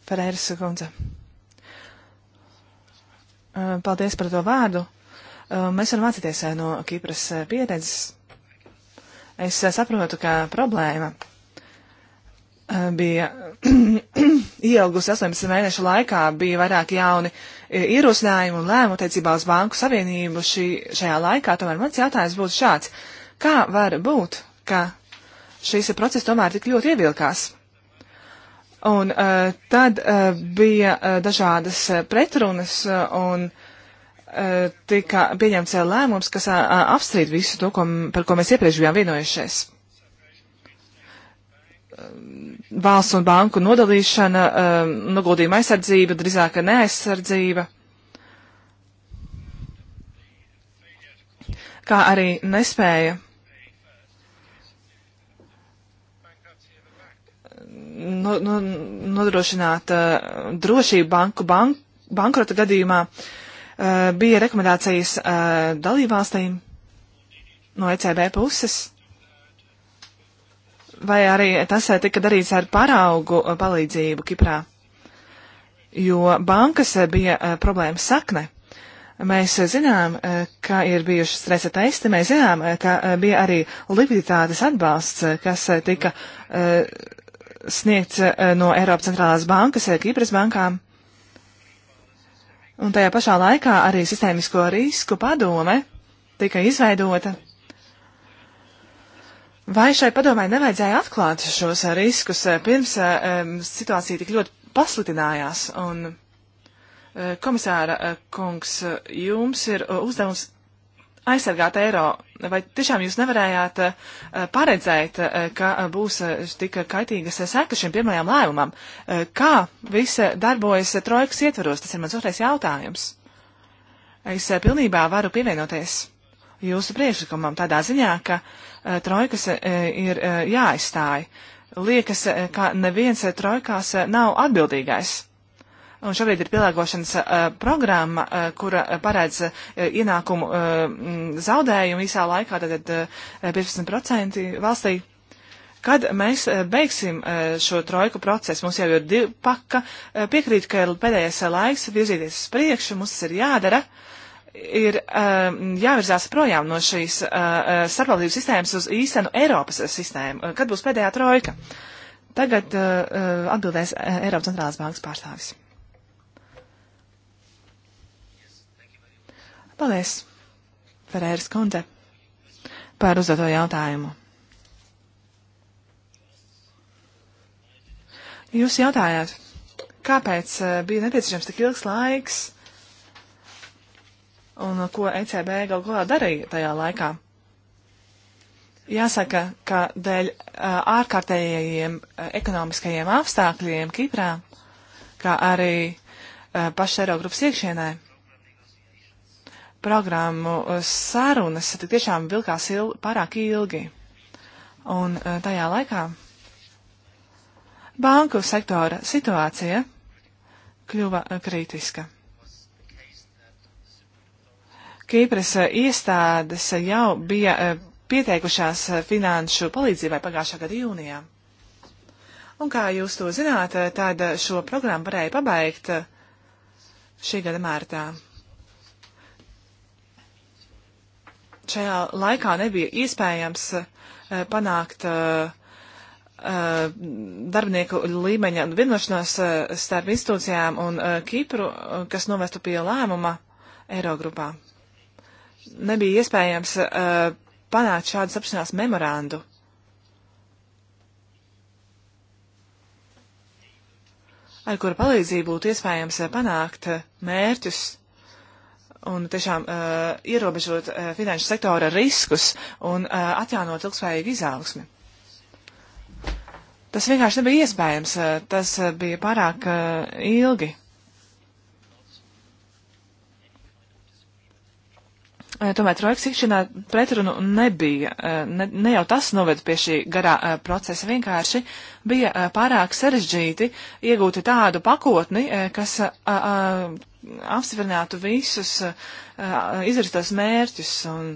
Ferēras kundze. Paldies par to vārdu. Mēs varam mācīties no Kipras pieredzes. Es saprotu, ka problēma bija ielgusi 18 mēnešu laikā, bija vairāk jauni ierosinājumi un lēmumu attiecībā uz Banku Savienību šī, šajā laikā. Tomēr mans jautājums būtu šāds. Kā var būt, ka šīs process tomēr tik ļoti ievilkās? Un uh, tad uh, bija uh, dažādas uh, pretrunas uh, un uh, tika pieņemts uh, lēmums, kas uh, uh apstrīd visu to, ko, par ko mēs iepriekš bijām vienojušies. Um, valsts un banku nodalīšana, uh, noguldījuma aizsardzība, drīzāk neaizsardzība. Kā arī nespēja no, no, nodrošināt uh, drošību banku bank, bankrota gadījumā, uh, bija rekomendācijas uh, dalībvalstīm no ECB puses. Vai arī tas uh, tika darīts ar paraugu uh, palīdzību Kiprā? Jo bankas uh, bija uh, problēmas sakne. Mēs uh, zinām, uh, ka ir bijuši stresa testi, mēs zinām, ka bija arī likviditātes atbalsts, kas tika sniegts eh, no Eiropas centrālās bankas eh, Kipras bankām. Un tajā pašā laikā arī sistēmisko risku padome tika izveidota. Vai šai padomai nevajadzēja atklāt šos eh, riskus pirms situācija tik ļoti pasliktinājās? Un komisāra kungs, jums ir uzdevums aizsargāt eiro. Vai tiešām jūs nevarējāt eh, paredzēt, eh, ka eh, būs tik kaitīgas sekas šim pirmajam lēmumam? Kā viss darbojas trojkas ietvaros? Tas ir mans otrais jautājums. Es pilnībā varu pievienoties jūsu priekšlikumam tādā ziņā, ka trojkas ir jāaizstāj. Liekas, ka neviens trojkās nav atbildīgais. Un šobrīd ir pielāgošanas uh, programma, uh, kura paredz uh, ienākumu uh, zaudējumu īsā laikā, tātad uh, 15% valstī. Kad mēs uh, beigsim uh, šo trojku procesu, mums jau ir divi paka, uh, piekrīt, ka ir pēdējais laiks virzīties uz priekšu, mums tas ir jādara. Ir um, jāvirzās projām no šīs uh, starpvaldības sistēmas uz īstenu Eiropas sistēmu. Kad būs pēdējā trojka? Tagad uh, atbildēs Eiropas centrālās bankas pārstāvis. Paldies, Ferēras kundze, par uzdoto jautājumu. Jūs jautājāt, kāpēc eh, bija nepieciešams tik ilgs laiks un ko ECB galu galā darīja tajā laikā? Jāsaka, ka dēļ eh, ārkārtējiem eh, ekonomiskajiem apstākļiem Kiprā, kā arī paša Eirogrupas iekšienē, programmu eh, sarunas tiešām vilkās il, pārāk ilgi. Un eh, tajā laikā banku sektora situācija kļuva eh, kritiska. Kīpras iestādes jau bija pieteikušās finanšu palīdzībai pagājušā gada jūnijā. Un kā jūs to zināt, tad šo programmu varēja pabeigt šī gada mārtā. šajā laikā nebija iespējams eh, panākt eh, eh, darbinieku līmeņa vienošanos starp institūcijām un Kipru, kas novestu pie lēmuma Eirogrupā. Nebija iespējams panākt šādu sapšanās memorandu. ar kura palīdzību būtu iespējams panākt mērķus, un tiešām uh, ierobežot uh, finanšu sektora riskus un uh, atjaunot ilgspējīgu izaugsmi. Tas vienkārši nebija iespējams, uh, tas uh, bija pārāk uh, ilgi. Uh, tomēr trojkas ikšanā pretrunu nebija. Uh, ne, ne jau tas noved pie šī garā a, uh, procesa, vienkārši bija a, pārāk sarežģīti iegūt tādu pakotni, a, kas apstiprinātu visus eh, eh, izvirstos mērķus. Un,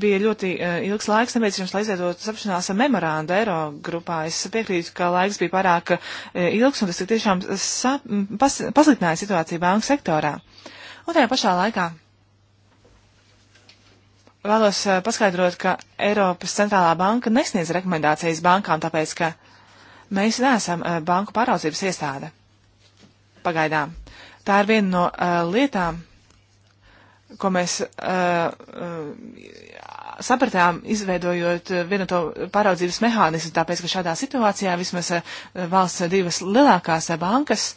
bija ļoti uh, ilgs laiks nepieciešams, lai izveidotu sapšanās memorandu Eiro grupā. Es piekrītu, ka laiks bija pārāk uh, ilgs un tas tik tiešām sa, pas, pasliktināja situāciju banku sektorā. Un tajā pašā laikā vēlos uh, paskaidrot, ka Eiropas centrālā banka nesniedz rekomendācijas bankām, tāpēc, ka mēs neesam uh, banku pāraudzības iestāde. Pagaidām. Tā ir viena no uh, lietām, ko mēs uh, uh, sapratām, izveidojot vienu to pāraudzības mehānismu, tāpēc, ka šādā situācijā vismaz uh, valsts divas lielākās bankas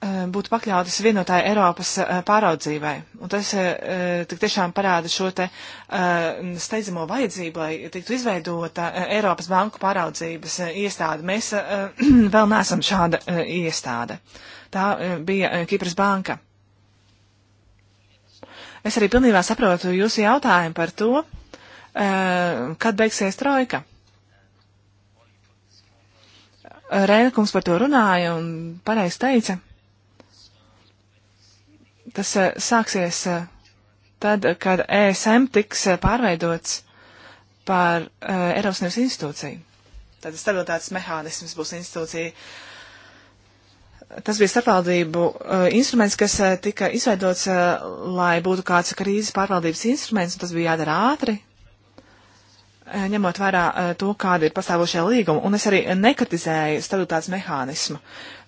Eh, būtu pakļautas vienotāja Eiropas eh, pāraudzībai. Un tas eh, tik tiešām parāda šo te steidzamo vajadzību, lai tiktu izveidota Eiropas banku pāraudzības iestāde. Mēs vēl neesam šāda iestāde. Tā bija Kipras banka. Es arī pilnībā saprotu jūsu jautājumu par to, kad beigsies trojka. Rēna kungs par to runāja un pareizi teica. Tas eh, sāksies eh, tad, kad ESM tiks eh, pārveidots par Eiropas Savienības institūciju. Tad stabilitātes mehānisms būs institūcija. Tas bija starpvaldību instruments, kas tika izveidots, lai būtu kāds krīzes pārvaldības instruments, un tas bija jādara ātri, ņemot vērā to, kāda ir pastāvošā līguma, un es arī nekritizēju stabilitātes mehānismu.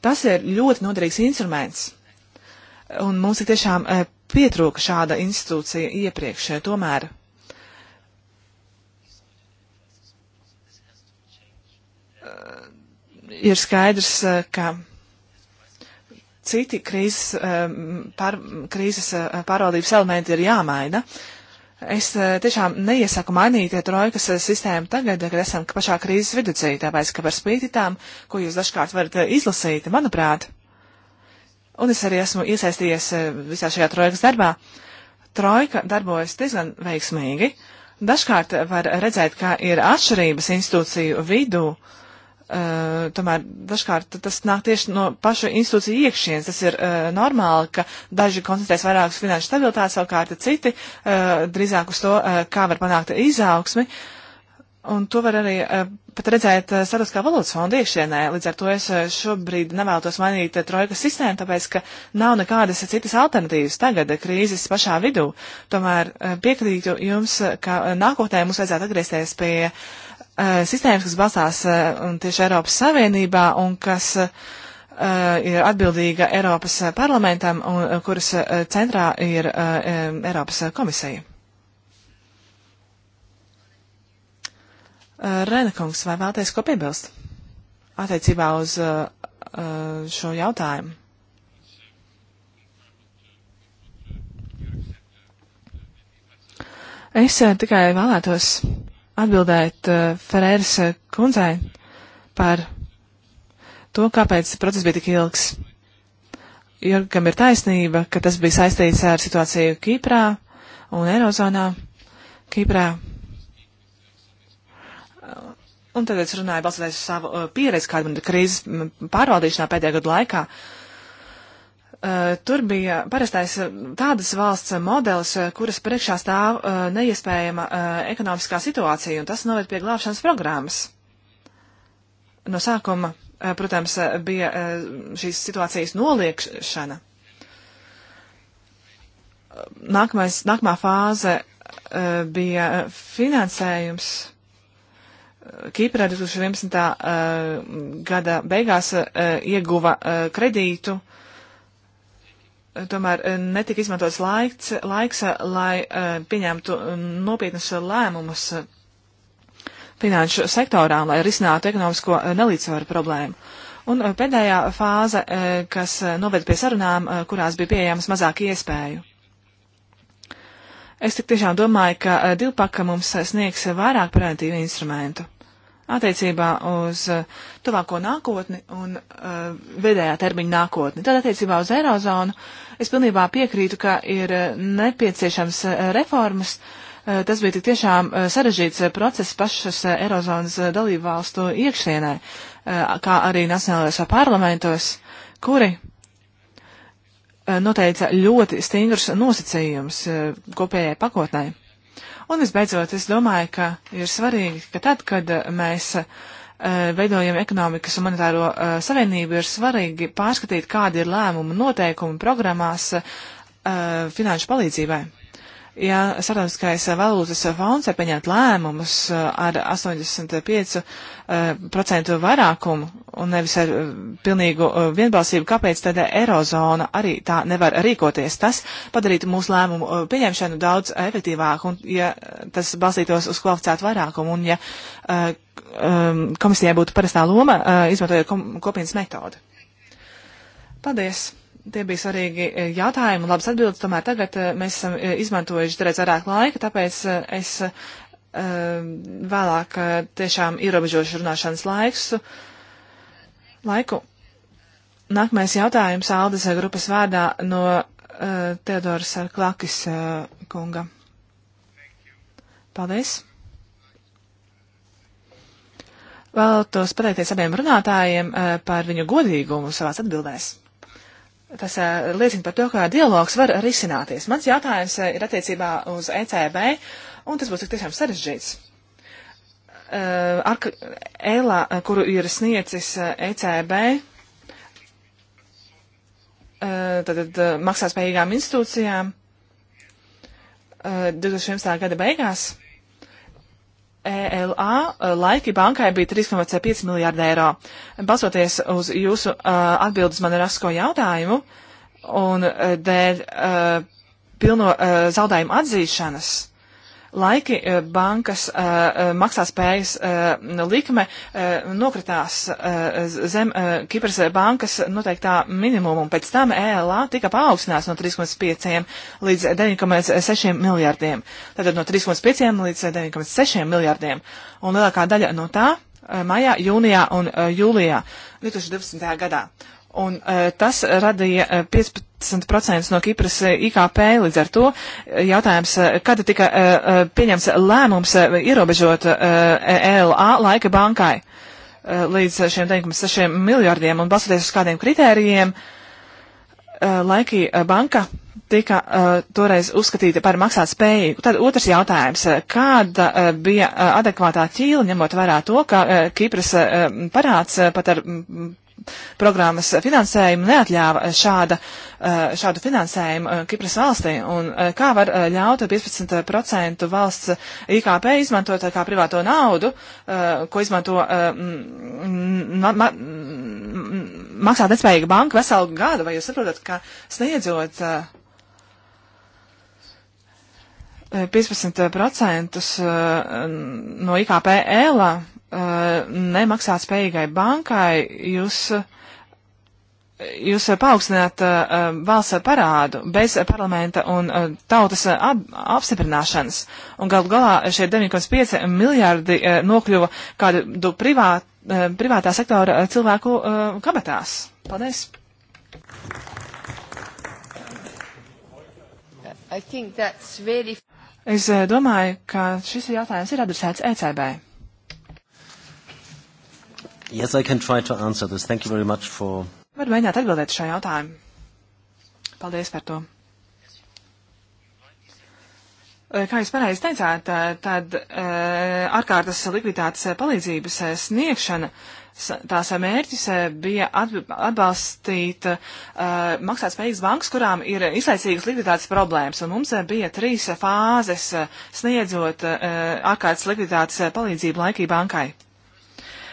Tas ir ļoti noderīgs instruments. Un mums ir tiešām eh, pietrūka šāda institūcija iepriekš. Eh, tomēr eh, ir skaidrs, ka citi krīzes, pār, krīzes pārvaldības elementi ir jāmaina. Es tiešām neiesaku mainīt trojkas sistēmu tagad, kad esam pašā krīzes viducī, tāpēc, ka par spīti tām, ko jūs dažkārt varat izlasīt, manuprāt, uh, un es arī esmu iesaistījies eh, visā šajā trojkas darbā. Trojka darbojas diezgan veiksmīgi. Dažkārt var redzēt, ka ir atšķirības institūciju vidū, Uh, tomēr dažkārt tas nāk tieši no paša institūcija iekšienes. Tas ir uh, normāli, ka daži koncentrēs vairāk uz finanšu stabilitāti, savukārt citi uh, drīzāk uz to, uh, kā var panākt izaugsmi. Uh, Un to var arī uh, pat redzēt uh, eh, Sarauskā valūtas fonda iekšienē. Līdz ar to es uh, šobrīd nevēlos mainīt trojkas sistēmu, tāpēc, ka nav nekādas citas alternatīvas tagad krīzes pašā vidū. Tomēr piekrītu jums, ka nākotnē mums vajadzētu atgriezties pie sistēmas, kas balstās tieši Eiropas Savienībā un kas ir atbildīga Eiropas parlamentam un kuras centrā ir Eiropas komisija. Eh, Renekungs, vai vēlaties ko piebilst attiecībā uz eh, eh, šo jautājumu? Es tikai vēlētos atbildēt Ferēras kundzei par to, kāpēc process bija tik ilgs. Jurgam ir taisnība, ka tas bija saistīts ar situāciju Kiprā un Eirozonā. Kiprā Un tad es runāju balstoties uz savu uh, pieredzi, kāda man krīzes pārvaldīšanā pēdējā gada laikā. Uh, tur bija parastais uh, tādas valsts uh, modelis, uh, kuras priekšā stāv uh, neiespējama uh, ekonomiskā situācija, un tas noved pie glābšanas programmas. No sākuma, uh, protams, bija uh, šīs situācijas noliekšana. Nākamais, nākamā fāze uh, bija finansējums Kīprā 2011. Eh, gada beigās eh, ieguva eh, kredītu, tomēr netika izmantots laiks, laiks lai pieņemtu nopietnus lēmumus finanšu sektorā, lai risinātu ekonomisko nelīdzsvaru problēmu. Un pēdējā fāze, kas noved pie sarunām, kurās bija pieejams mazāk iespēju. Es tik tiešām domāju, ka divpaka mums sniegs vairāk preventīvu instrumentu attiecībā uz uh, tuvāko nākotni un uh, vidējā termiņa nākotni. Tad attiecībā uz Eirozonu es pilnībā piekrītu, ka ir uh, nepieciešams uh, reformas. Tas bija tik tiešām sarežģīts process pašas Eirozonas dalību valstu iekšienē, kā arī nacionālajos parlamentos, kuri noteica ļoti stingrus nosacījumus kopējai pakotnēji. Un visbeidzot, es domāju, ka ir svarīgi, ka tad, kad uh, mēs uh, veidojam ekonomikas un monetāro uh, savienību, ir svarīgi pārskatīt, kādi ir lēmumi noteikumi programmās finanšu palīdzībai ja starptautiskais valūtas fonds ir pieņemt lēmumus uh, ar 85% uh, vairākumu un nevis ar uh, pilnīgu vienbalsību, kāpēc tad Eirozona arī tā nevar rīkoties. Tas padarītu mūsu lēmumu pieņemšanu daudz efektīvāku, un ja tas balstītos uz kvalificētu vairākumu, un ja um, komisijai būtu parastā loma, izmantojot kopienas metodu. Paldies! Tie bija svarīgi e, jautājumi, labas atbildes, tomēr tagad e, mēs esam e, izmantojuši darēt vairāk laika, tāpēc es vēlāk tiešām ierobežošu runāšanas laiksu, laiku. Nākamais jautājums Aldes grupas vārdā no uh, Teodora Sarklakis uh, kunga. Paldies! Vēlētos pateikties abiem runātājiem uh, par viņu godīgumu savās atbildēs. Tas uh, liecina par to, kā dialogs var risināties. Mans jautājums uh, ir attiecībā uz ECB, un tas būs tiešām sarežģīts. Uh, ar ēlā, kuru ir sniecis ECB, e tātad maksāspējīgām institūcijām 2011. gada beigās ELA eh, laiki bankai bija 3,5 miljārdi eiro. Balsoties uz jūsu uh, atbildes man rasko jautājumu un uh, dēļ uh, pilno uh, zaudējumu atzīšanas, laiki eh, bankas eh, eh, maksāspējas likme nokritās zem Kipras bankas noteiktā minimuma, un pēc tam ELA tika paaugstināts no 3,5 līdz 9,6 miljārdiem. Tātad no 3,5 līdz 9,6 miljārdiem. Un lielākā daļa no tā maijā, jūnijā un jūlijā 2020. gadā. Un uh, tas radīja 15% e, no Kipras e, IKP, līdz ar to jautājums, kad tika uh, pieņemts lēmums ierobežot uh, ELA laika bankai uh, līdz šiem 9,6 miljardiem un balstoties uz kādiem kritērijiem, uh, laiki banka tika uh, toreiz uzskatīta par maksāt spējīgu. Tad otrs jautājums, kāda uh, bija adekvātā ķīla, ņemot vērā to, ka uh, Kipras uh, parāds uh, pat ar. Mm, programmas finansējumu neatļāva eh, šāda, eh, šādu finansējumu eh, Kipras valstī. Un kā var ļaut 15% valsts IKP izmantot kā privāto naudu, ko izmanto ma ma maksāt nespējīga banka veselu gadu? Vai jūs saprotat, ka sniedzot 15% no IKP ēlā? Uh, nemaksāt spējīgai bankai, jūs, jūs paaugstināt uh, uh, valsts parādu bez parlamenta un tautas apstiprināšanas. Un gal galā šie 9,5 miljārdi nokļuva kādu privāt, privātā sektora cilvēku kabatās. Paldies! Really... Es domāju, ka šis jautājums ir adresēts ECB. Yes, I can try to answer this. Thank you very much for. Var mēģināt atbildēt šā jautājumu. Paldies par to. Kā jūs pareizi teicāt, tad ārkārtas likviditātes palīdzības sniegšana, tās mērķis bija atbalstīt maksātspējīgas bankas, kurām ir izlaicīgas likviditātes problēmas. Un mums bija trīs fāzes sniedzot ārkārtas likviditātes palīdzību laikī bankai.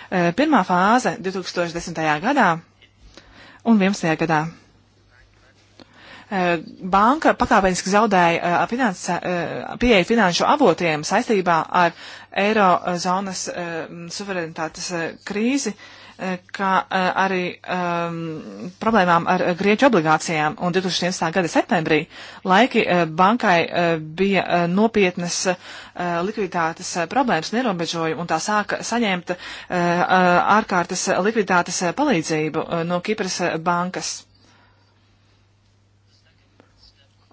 Eh, pirmā fāze 2010. gadā un 11. gadā. Eh, banka pakāpeniski zaudēja eh, finans, pieeja finanšu avotiem saistībā ar Eirozonas suverenitātes krīzi, kā eh, arī um, problēmām ar grieķu obligācijām. Un 2011. gada septembrī laiki eh, bankai eh, bija nopietnas likviditātes problēmas nerobežoja un tā sāka saņemt ārkārtas likviditātes palīdzību no Kipras bankas.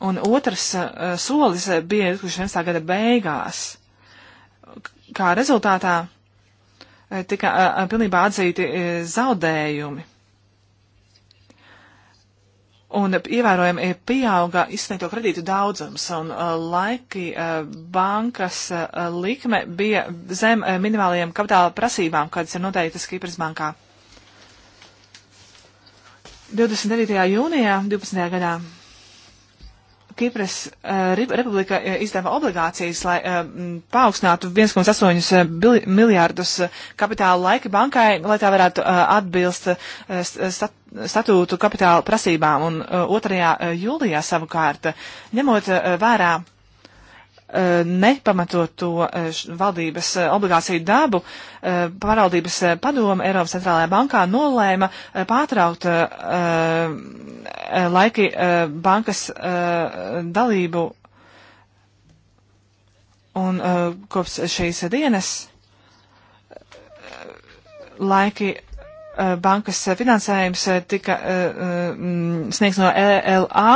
Un otrs solis bija 2011. gada beigās. Kā rezultātā Eh, tika eh, eh, pilnībā atzīti zaudējumi. Un ievērojami pieauga izsniegto kredītu daudzums, un laiki bankas likme bija zem minimālajiem kapitāla prasībām, kādas ir noteiktas Kipras bankā. 29. jūnijā 12. gadā Kipras uh, republika eh, izdeva obligācijas, lai uh, paaugstinātu 1,8 miljārdus kapitāla laika bankai, lai tā varētu uh, atbilst uh, stat statūtu kapitāla prasībām. Un uh, 2. jūlijā savukārt, ņemot uh, vērā uh, Eh, nepamatoto eh, valdības eh, obligāciju dabu pārvaldības padoma Eiropas centrālajā bankā nolēma pārtraukt laiki bankas dalību un kopš šīs dienas laiki bankas finansējums tika sniegts no e LLA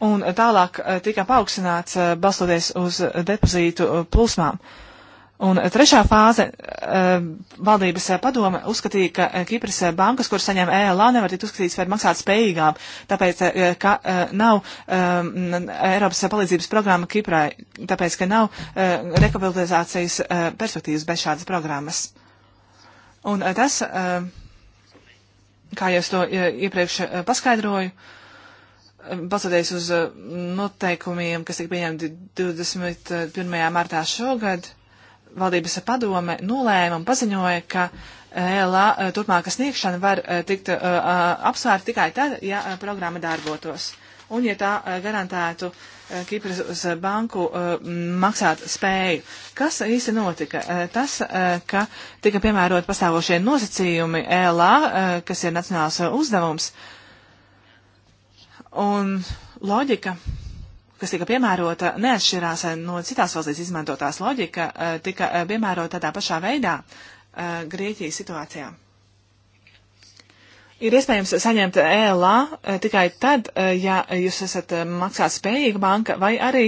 un tālāk eh, tika paaugstināts eh, balstoties uz depozītu eh, plūsmām. Un trešā fāze valdības padome uzskatīja, ka Kipras bankas, kuras saņem ELA, nevar tikt uzskatītas par maksāt spējīgām, tāpēc, ka nav Eiropas palīdzības programma Kiprai, tāpēc, ka nav rekapitalizācijas perspektīvas bez šādas programmas. Un tas, kā jau es to iepriekš paskaidroju, balstoties uz eh, noteikumiem, kas tika pieņemti 21. Eh, martā šogad, valdības padome nolēma un paziņoja, ka ELA eh, turpmāka sniegšana var tikt apsvērta tikai tad, ja programma darbotos. Un ja tā garantētu Kipras banku maksāt spēju. Kas īsti notika? Tas, ka tika piemērot pastāvošie nosacījumi ELA, kas ir nacionāls uzdevums, uh, Un loģika, kas tika piemērota, neatšķirās no citās valstīs izmantotās loģika, eh, tika eh, piemērota tādā pašā veidā eh, Grieķijas situācijā. Ir iespējams saņemt ELA tikai tad, ja jūs esat maksāt spējīga banka vai arī,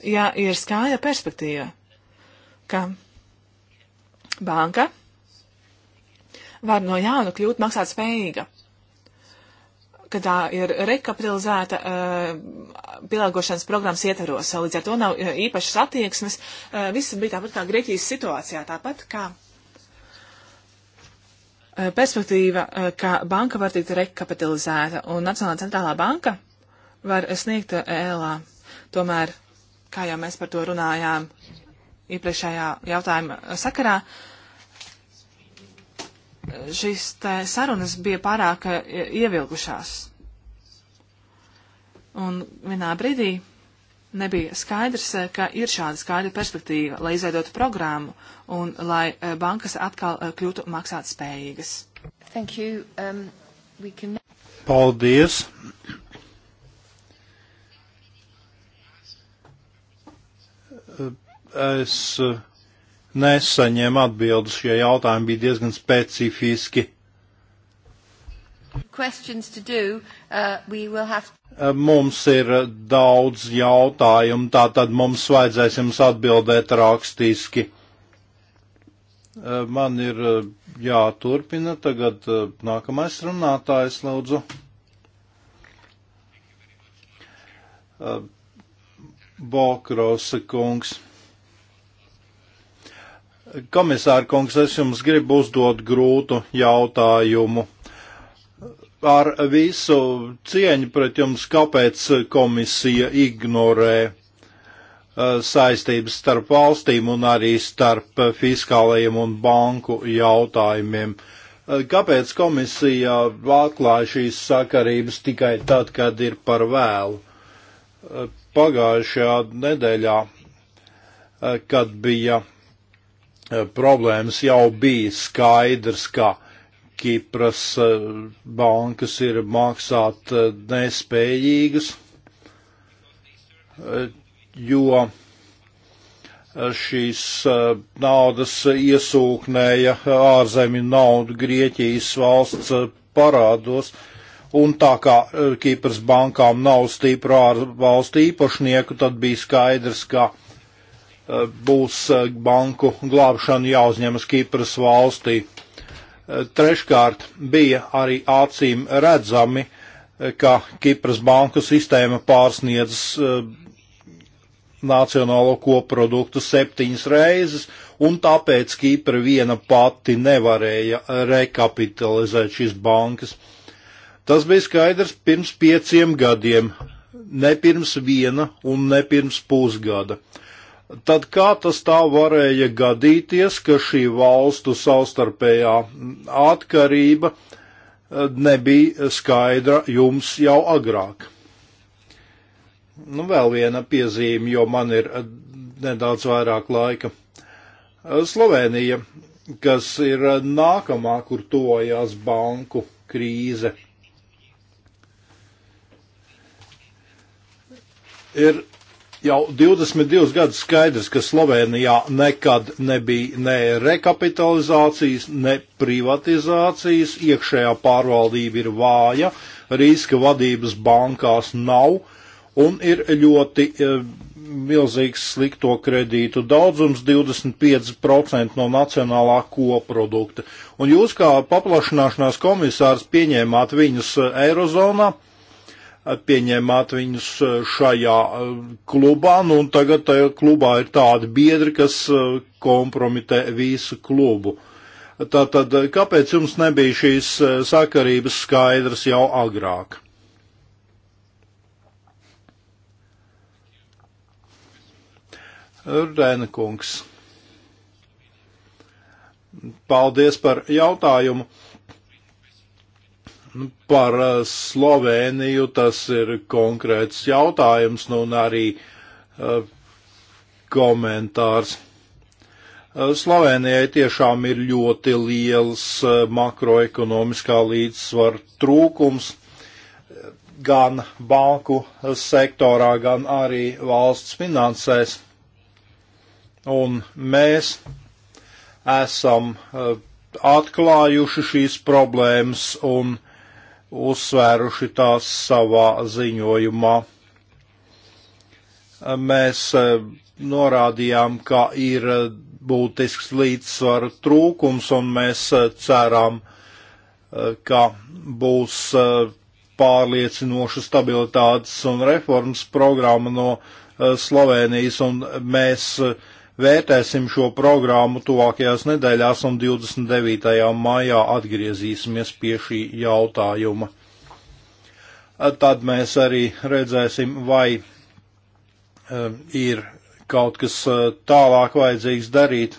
ja ir skaidra perspektīva, ka banka var no jauna kļūt maksāt spējīga gadā ir rekapitalizēta eh, pielāgošanas programmas ietvaros, līdz ar to nav eh, īpašas attieksmes. Eh, viss bija tāpat kā Grieķijas situācijā, tāpat kā perspektīva, ka banka var tikt rekapitalizēta un Nacionālā centrālā banka var sniegt ēlā. E Tomēr, kā jau mēs par to runājām iepriekšējā jautājuma sakarā, uh, šīs sarunas bija pārāk e, ievilkušās. Un vienā brīdī nebija skaidrs, e, ka ir šāda skaidra perspektīva, lai izveidotu programmu un lai e, bankas atkal kļūtu maksāt spējīgas. Thank you. Um, we can... Paldies! Es uh, nesaņem atbildes. Šie jautājumi bija diezgan specifiski. Do, uh, have... Uh, mums ir uh, daudz jautājumu, tā tad mums vajadzēs jums atbildēt rakstiski. Uh, man ir jāturpina tagad nākamais runātājs, lūdzu. Bokrosa kungs. Komisāra kungs, es jums gribu uzdot grūtu jautājumu. Ar visu cieņu pret jums, kāpēc komisija ignorē eh, saistības starp valstīm un arī starp fiskālajiem un banku jautājumiem? Eh, kāpēc komisija atklāja šīs sakarības tikai tad, kad ir par vēlu? Eh, pagājušajā nedēļā, kad bija Eh, problēmas jau bija skaidrs, ka Kipras eh, bankas ir maksāt eh, nespējīgas, jo šīs naudas iesūknēja ārzemju naudu Grieķijas valsts parādos, un tā kā Kipras bankām nav stipra ārvalstu īpašnieku, tad bija skaidrs, ka būs eh, banku glābšana jāuzņemas Kipras valstī. Eh, treškārt bija arī acīm redzami, eh, ka Kipras banku sistēma pārsniedz nacionālo koproduktu septiņas reizes, un tāpēc Kipra viena pati nevarēja rekapitalizēt šīs bankas. Tas bija skaidrs pirms pieciem gadiem, ne pirms viena un ne pirms pusgada. Uh, tad kā tas tā varēja gadīties, ka šī valstu savstarpējā atkarība eh, nebija skaidra jums jau agrāk? Nu, vēl viena piezīme, jo man ir eh, nedaudz vairāk laika. Eh, Slovenija, kas ir nākamā, kur tojās banku krīze, ir Jau 22 gadus skaidrs, ka Slovenijā nekad nebija ne rekapitalizācijas, ne privatizācijas, iekšējā pārvaldība ir vāja, riska vadības bankās nav un ir ļoti e, milzīgs slikto kredītu daudzums - 25% no nacionālā koprodukta. Un jūs kā paplašanāšanās komisārs pieņēmāt viņus e, Eirozonā. E, pieņēmāt viņus eh, šajā eh, klubā, nu un tagad tajā klubā ir tādi biedri, kas eh, kompromitē visu klubu. Tātad, kāpēc jums nebija šīs sakarības skaidrs jau agrāk? Rēna kungs. Paldies par jautājumu. Nu, par uh, Sloveniju tas ir konkrēts jautājums, nu un arī uh, komentārs. Uh, Slovenijai tiešām ir ļoti liels uh, makroekonomiskā līdzsvara trūkums gan banku sektorā, gan arī valsts finansēs. Un mēs esam atklājuši šīs problēmas un uh, uzsvēruši tās savā ziņojumā. Mēs e, norādījām, ka ir būtisks līdzsvaru trūkums, un mēs e, ceram, e, ka būs pārliecinoša stabilitātes un reformas programma no Slovenijas, un mēs uh, vērtēsim šo programmu tuvākajās nedēļās un 29. maijā atgriezīsimies pie šī jautājuma. Tad mēs arī redzēsim, vai ir kaut kas tālāk vajadzīgs darīt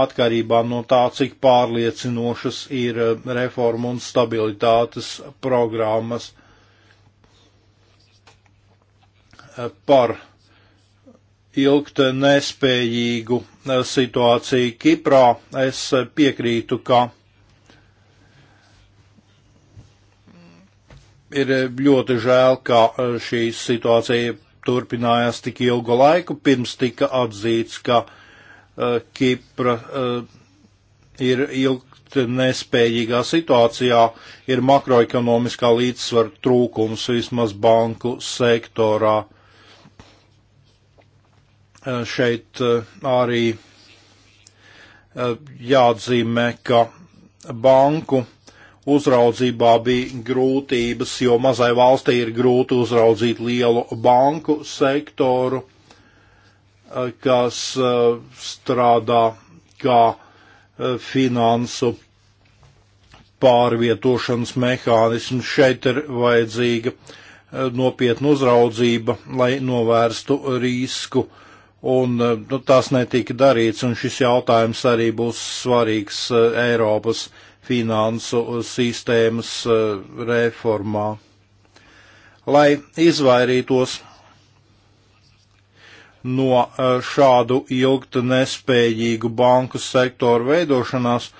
atkarībā no tā, cik pārliecinošas ir reforma un stabilitātes programmas par ilgt nespējīgu eh, situāciju Kiprā. Es eh, piekrītu, ka ir eh, ļoti žēl, ka šī situācija turpinājās tik ilgu laiku, pirms tika atzīts, ka uh, Kipra uh, ir ilgt nespējīgā situācijā, ir makroekonomiskā līdzsvara trūkums vismaz banku sektorā. Eh, šeit eh, arī eh, jāatzīmē, ka banku uzraudzībā bija grūtības, jo mazai valstī ir grūti uzraudzīt lielu banku sektoru, kas strādā kā finansu pārvietošanas mehānisms. Šeit ir vajadzīga nopietna uzraudzība, lai novērstu risku uh, un eh, nu, tas netika darīts, un šis jautājums arī būs svarīgs eh, Eiropas finansu eh, sistēmas reformā. Lai izvairītos no šādu ilgt nespējīgu banku sektoru veidošanās,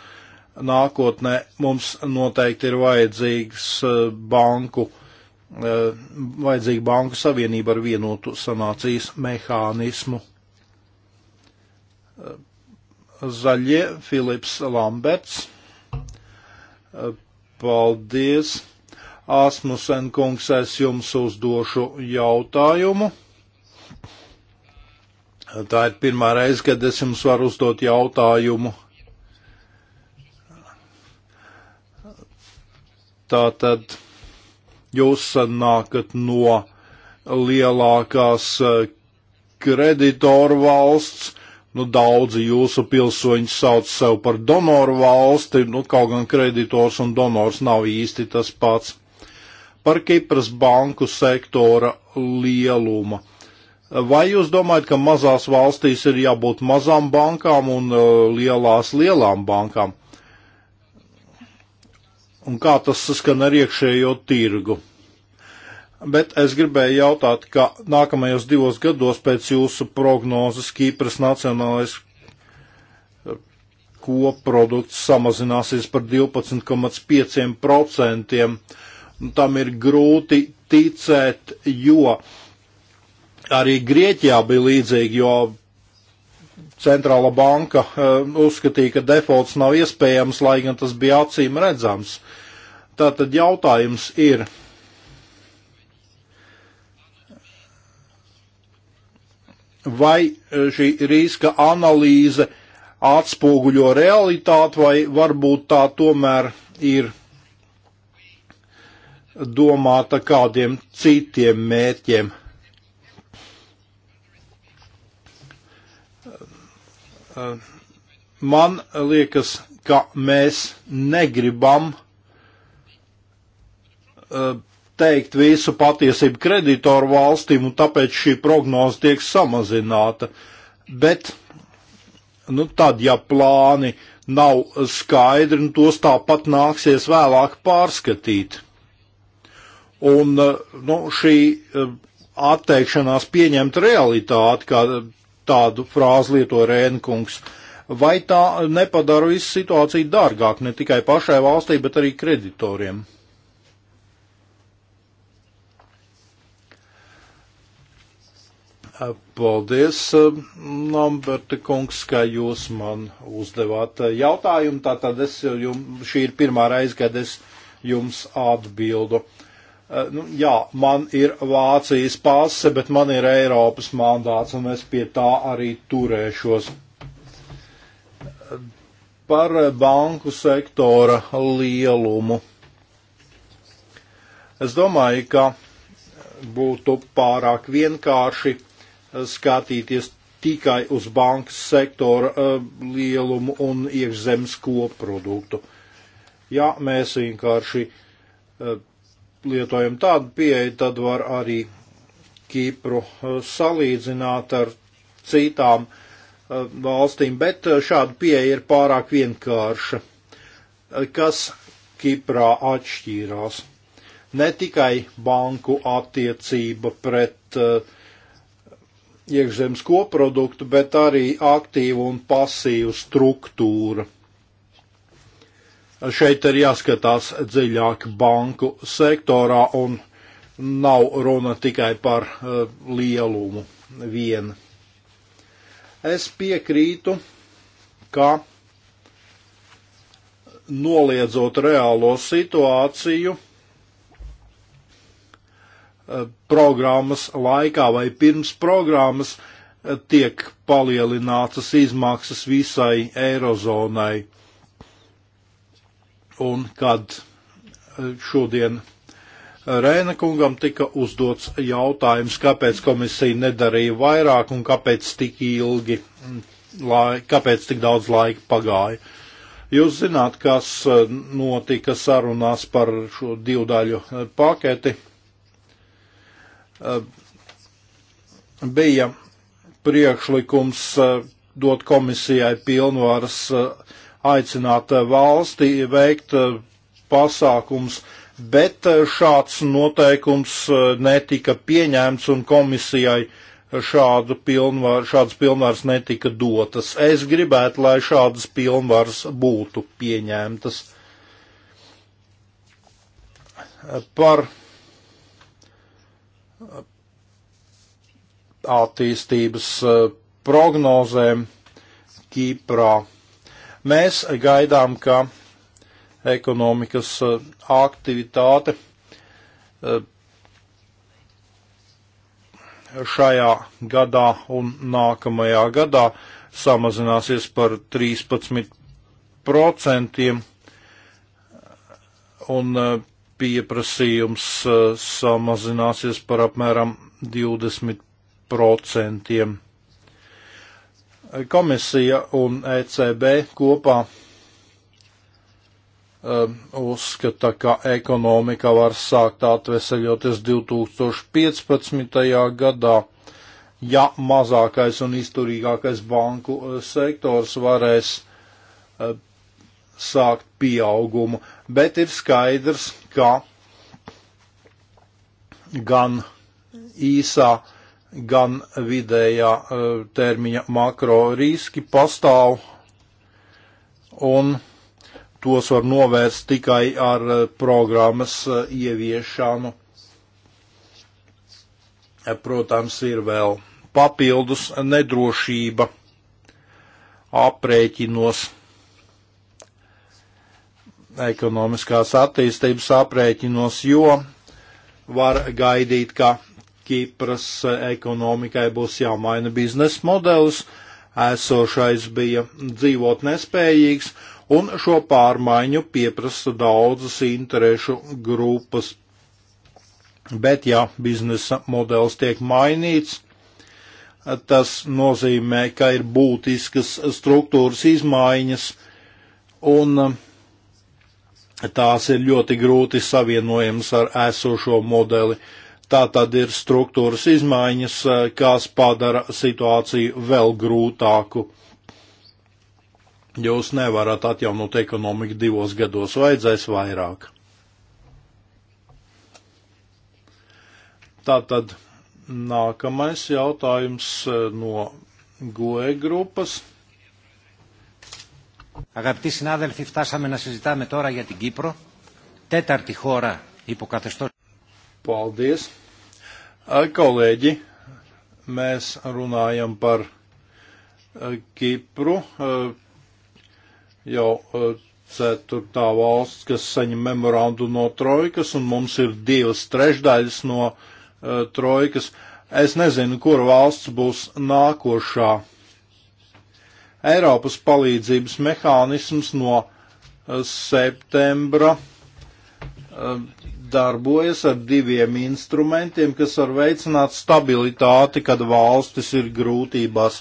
nākotnē mums noteikti ir vajadzīgs banku, vajadzīga banku savienība ar vienotu sanācijas mehānismu. Zaļie Filips Lamberts. Paldies. Asmusen kungs, es jums uzdošu jautājumu. Tā ir pirmā reize, kad es jums varu uzdot jautājumu. Tā tad jūs nākat no lielākās eh, kreditoru valsts, Nu, daudzi jūsu pilsoņi sauc sev par donoru valsti, nu, kaut gan kreditors un donors nav īsti tas pats. Par Kipras banku sektora lielumu. Vai jūs domājat, ka mazās valstīs ir jābūt mazām bankām un uh, lielās lielām bankām? Un kā tas saskan ar iekšējo tirgu? Bet es gribēju jautāt, ka nākamajos divos gados pēc jūsu prognozes Kīpras nacionālais eh, koprodukts samazināsies par 12,5%. Nu, tam ir grūti ticēt, jo arī Grieķijā bija līdzīgi, jo centrāla banka eh, uzskatīja, ka defaults nav iespējams, lai gan tas bija acīm redzams. Tātad jautājums ir, vai e, šī riska analīze atspoguļo realitāti, vai varbūt tā tomēr ir domāta kādiem citiem mērķiem. E, man liekas, ka mēs negribam e, teikt visu patiesību kreditoru valstīm, un tāpēc šī prognoze tiek samazināta. Bet, nu, tad, ja plāni nav skaidri, un nu, tos tāpat nāksies vēlāk pārskatīt. Un, nu, šī eh, atteikšanās pieņemt realitāti, kā tādu frāzi lieto Rēnkungs, vai tā nepadara visu situāciju dārgāk ne tikai pašai valstī, bet arī kreditoriem? Paldies, um, Lamberta kungs, ka jūs man uzdevāt uh, jautājumu. Tātad es jums, šī ir pirmā reize, kad es jums atbildu. Uh, nu, jā, man ir Vācijas pase, bet man ir Eiropas mandāts, un es pie tā arī turēšos. Par banku sektora lielumu. Es domāju, ka būtu pārāk vienkārši skatīties tikai uz bankas sektora eh, lielumu un iekšzemes koproduktu. Ja mēs vienkārši eh, lietojam tādu pieeju, tad var arī Kipru eh, salīdzināt ar citām valstīm, bet šāda pieeja ir pārāk vienkārša. Kas Kiprā atšķīrās? Ne tikai banku attiecība pret uh, iekšzemes koproduktu, bet arī aktīvu un pasīvu struktūru. Šeit ir jāskatās dziļāk banku sektorā un nav runa tikai par uh, lielumu vien. Es piekrītu, ka noliedzot reālo situāciju, Eh, programmas laikā vai pirms programmas eh, tiek palielinātas izmaksas visai eirozonai. Un kad eh, šodien Rēna kungam tika uzdots jautājums, kāpēc komisija nedarīja vairāk un kāpēc tik ilgi, mm, lai, kāpēc tik daudz laika pagāja. Jūs zināt, kas notika sarunās par šo divdaļu paketi Eh, bija priekšlikums eh, dot komisijai pilnvaras eh, aicināt valstī veikt pasākums, bet šāds noteikums netika pieņemts un komisijai šādu pilnvar, šādas pilnvaras netika dotas. Es gribētu, lai šādas pilnvaras būtu pieņemtas. Par attīstības eh, prognozēm Kiprā. Mēs gaidām, ka ekonomikas eh, aktivitāte eh, šajā gadā un nākamajā gadā samazināsies par 13% un pieprasījums samazināsies par apmēram 20% procentiem. Komisija un ECB kopā um, uzskata, ka ekonomika var sākt atveseļoties 2015. gadā, ja mazākais un izturīgākais banku uh, sektors varēs uh, sākt pieaugumu, bet ir skaidrs, ka gan īsā gan vidējā e, termiņa makro riski pastāv, un tos var novērst tikai ar e, programmas e, ieviešanu. Protams, ir vēl papildus nedrošība aprēķinos ekonomiskās attīstības aprēķinos, jo var gaidīt, ka Kipras ekonomikai būs jāmaina biznesa modelis, esošais bija dzīvot nespējīgs, un šo pārmaiņu pieprasa daudzas interešu grupas. Bet, ja biznesa modelis tiek mainīts, tas nozīmē, ka ir būtiskas struktūras izmaiņas, un tās ir ļoti grūti savienojamas ar esošo modeli. Tā tad ir struktūras izmaiņas, eh, kas padara situāciju vēl grūtāku. Jūs nevarat atjaunot ekonomiku divos gados, vajadzēs vairāk. Tātad nākamais jautājums eh, no GOE grupas. Αγαπητοί συνάδελφοι, φτάσαμε να συζητάμε τώρα για την Κύπρο, τέταρτη χώρα υποκαθεστώς. Paldies! Kolēģi, mēs runājam par Kipru, jau ceturtā valsts, kas saņem memorandu no trojkas, un mums ir divas trešdaļas no trojkas. Es nezinu, kur valsts būs nākošā. Eiropas palīdzības mehānisms no septembra darbojas ar diviem instrumentiem, kas var veicināt stabilitāti, kad valstis ir grūtībās.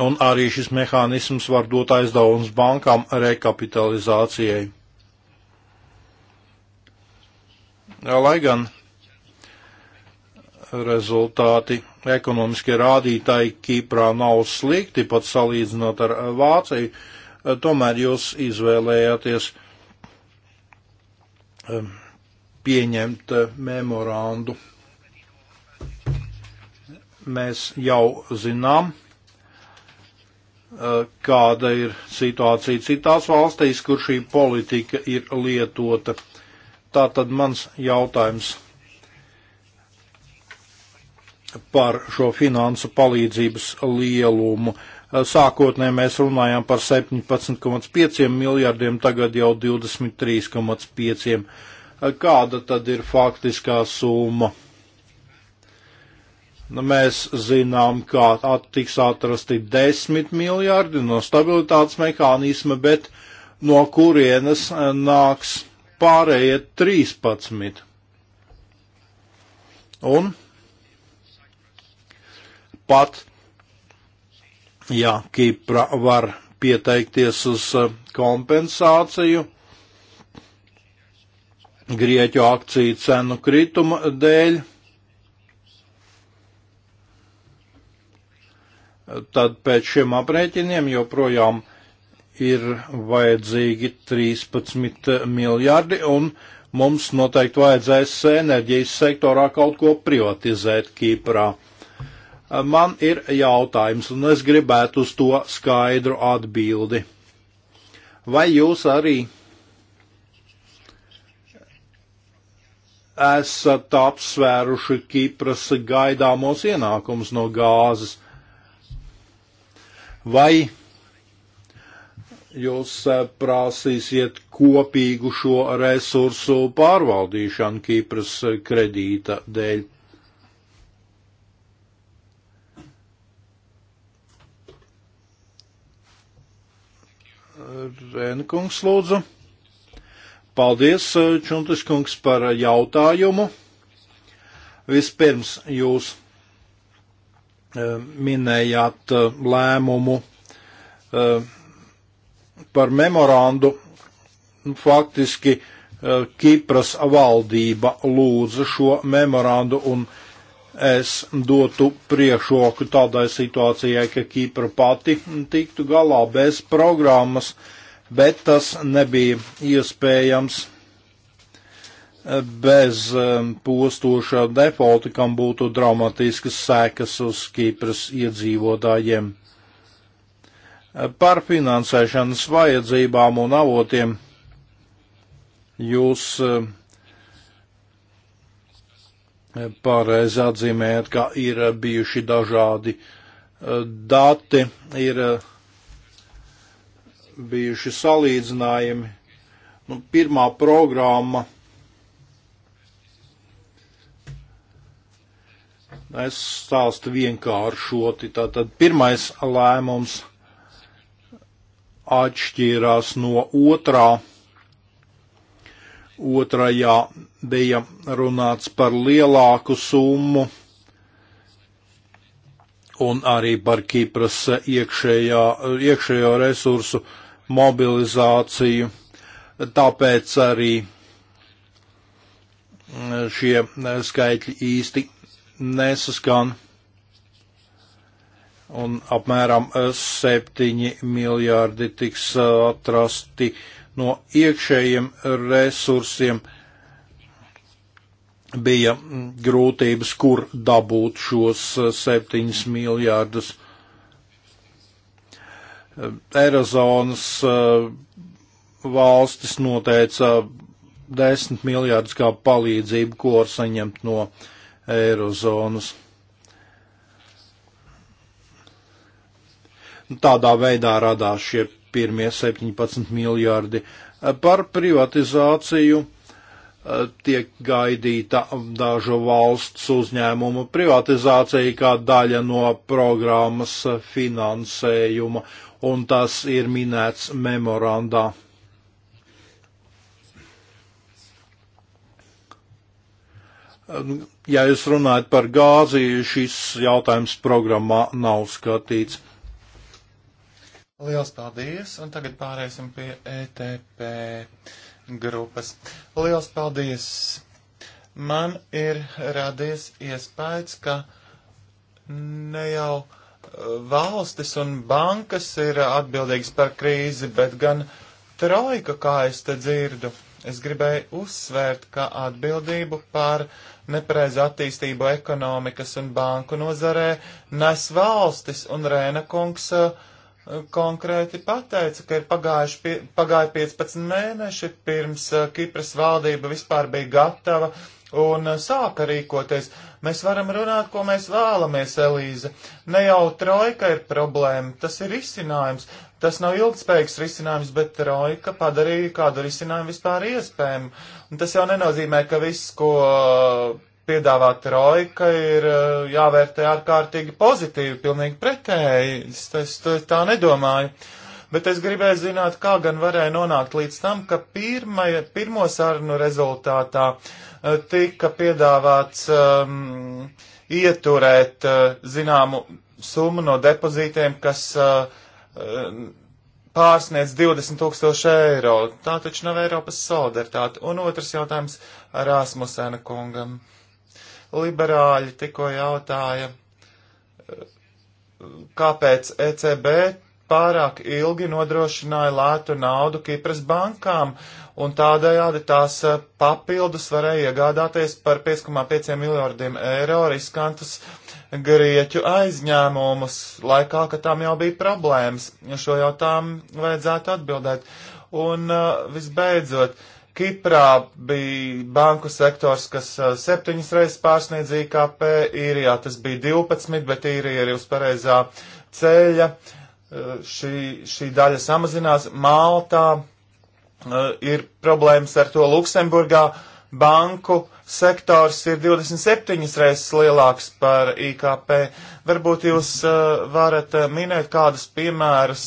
Un arī šis mehānisms var dot aizdevums bankām rekapitalizācijai. Lai gan rezultāti ekonomiskie rādītāji Kiprā nav slikti, pat salīdzinot ar Vāciju, tomēr jūs izvēlējāties Um, pieņemt memorandu. Mēs jau zinām, uh, kāda ir situācija citās valstīs, kur šī politika ir lietota. Tātad mans jautājums par šo finansu palīdzības lielumu. Sākotnēji mēs runājām par 17,5 miljardiem, tagad jau 23,5. Kāda tad ir faktiskā summa? Nu, mēs zinām, ka tiks atrasti 10 miljardi no stabilitātes mehānisma, bet no kurienes eh, nāks pārējie 13. Un pat ja Kipra var pieteikties uz eh, kompensāciju Grieķu akciju cenu krituma dēļ, tad pēc šiem aprēķiniem joprojām ir vajadzīgi 13 miljardi, un mums noteikti vajadzēs enerģijas sektorā kaut ko privatizēt Kīprā. Man ir jautājums, un es gribētu uz to skaidru atbildi. Vai jūs arī esat apsvēruši Kipras gaidāmos ienākumus no gāzes? Vai jūs eh, prasīsiet kopīgu šo resursu pārvaldīšanu Kipras eh, kredīta dēļ? Rēnkungs lūdzu. Paldies, eh, Čuntis kungs, par jautājumu. Vispirms jūs eh, minējāt eh, lēmumu par memorandu. Faktiski Kipras valdība lūdza šo memorandu un memorandu es dotu priekšroku tādai situācijai, ka Kīpra pati tiktu galā bez programmas, bet tas nebija iespējams eh, bez eh, postoša defaulta, kam būtu dramatiskas sekas uz Kīpras iedzīvotājiem. Eh, par finansēšanas vajadzībām un avotiem jūs uh, pareizi atzīmējat, ka ir bijuši dažādi eh, dati, ir eh, bijuši salīdzinājumi. Nu, pirmā programma. Es stāstu vienkāršoti. Tātad pirmais lēmums atšķīrās no otrā otrajā bija runāts par lielāku summu un arī par Kipras iekšējā, iekšējo resursu mobilizāciju. Tāpēc arī šie skaitļi īsti nesaskan. Un apmēram 7 miljārdi tiks atrasti uh, no iekšējiem resursiem bija grūtības, kur dabūt šos 7 miljārdus. Eirozonas eh, valstis noteica 10 miljārdus kā palīdzību, ko var saņemt no Eirozonas. Tādā veidā radās šie pirmie 17 miljārdi. Par privatizāciju eh, tiek gaidīta dažu valsts uzņēmumu privatizācija kā daļa no programmas finansējuma, un tas ir minēts memorandā. Ja jūs runājat par gāzi, šis jautājums programmā nav skatīts. Liels paldies, un tagad pārēsim pie ETP grupas. Liels paldies! Man ir radies iespējas, ka ne jau valstis un bankas ir atbildīgas par krīzi, bet gan trojka, kā es te dzirdu. Es gribēju uzsvērt, ka atbildību par nepareizu attīstību ekonomikas un banku nozarē nes valstis un Rēna kungs uh, konkrēti pateica, ka ir pagājuši pie, pagāja 15 mēneši pirms eh, Kipras valdība vispār bija gatava un eh, sāka rīkoties. Mēs varam runāt, ko mēs vēlamies, Elīze. Ne jau trojka ir problēma, tas ir risinājums. Tas nav ilgspējīgs risinājums, bet trojka padarīja kādu risinājumu vispār iespējamu. Un tas jau nenozīmē, ka viss, ko piedāvā trojka, ir eh, jāvērtē ārkārtīgi pozitīvi, pilnīgi pretēji. Es, es, es tā nedomāju. Bet es gribēju zināt, kā gan varēja nonākt līdz tam, ka pirmaja, pirmo sarunu rezultātā eh, tika piedāvāts um, ieturēt uh, zināmu summu no depozītiem, kas uh, pārsniec 20 tūkstoši eiro. Tā taču nav Eiropas solidaritāte. Un otrs jautājums Rāsmusēna kungam. Uh, Liberāļi tikko jautāja, kāpēc ECB pārāk ilgi nodrošināja lētu naudu Kipras bankām, un tādējādi tās eh, papildus varēja iegādāties par 5,5 miljardiem eiro riskantus grieķu aizņēmumus laikā, kad tām jau bija problēmas. Šo jautājumu vajadzētu atbildēt. Un eh, visbeidzot, uh, Kiprā bija banku sektors, kas uh, septiņas reizes pārsniedz IKP, īrijā tas bija 12, bet īrija ir uz pareizā ceļa. Uh, šī, šī daļa samazinās. Maltā uh, ir problēmas ar to Luksemburgā. Banku sektors ir 27 reizes lielāks par IKP. Varbūt jūs varat minēt kādus piemērus,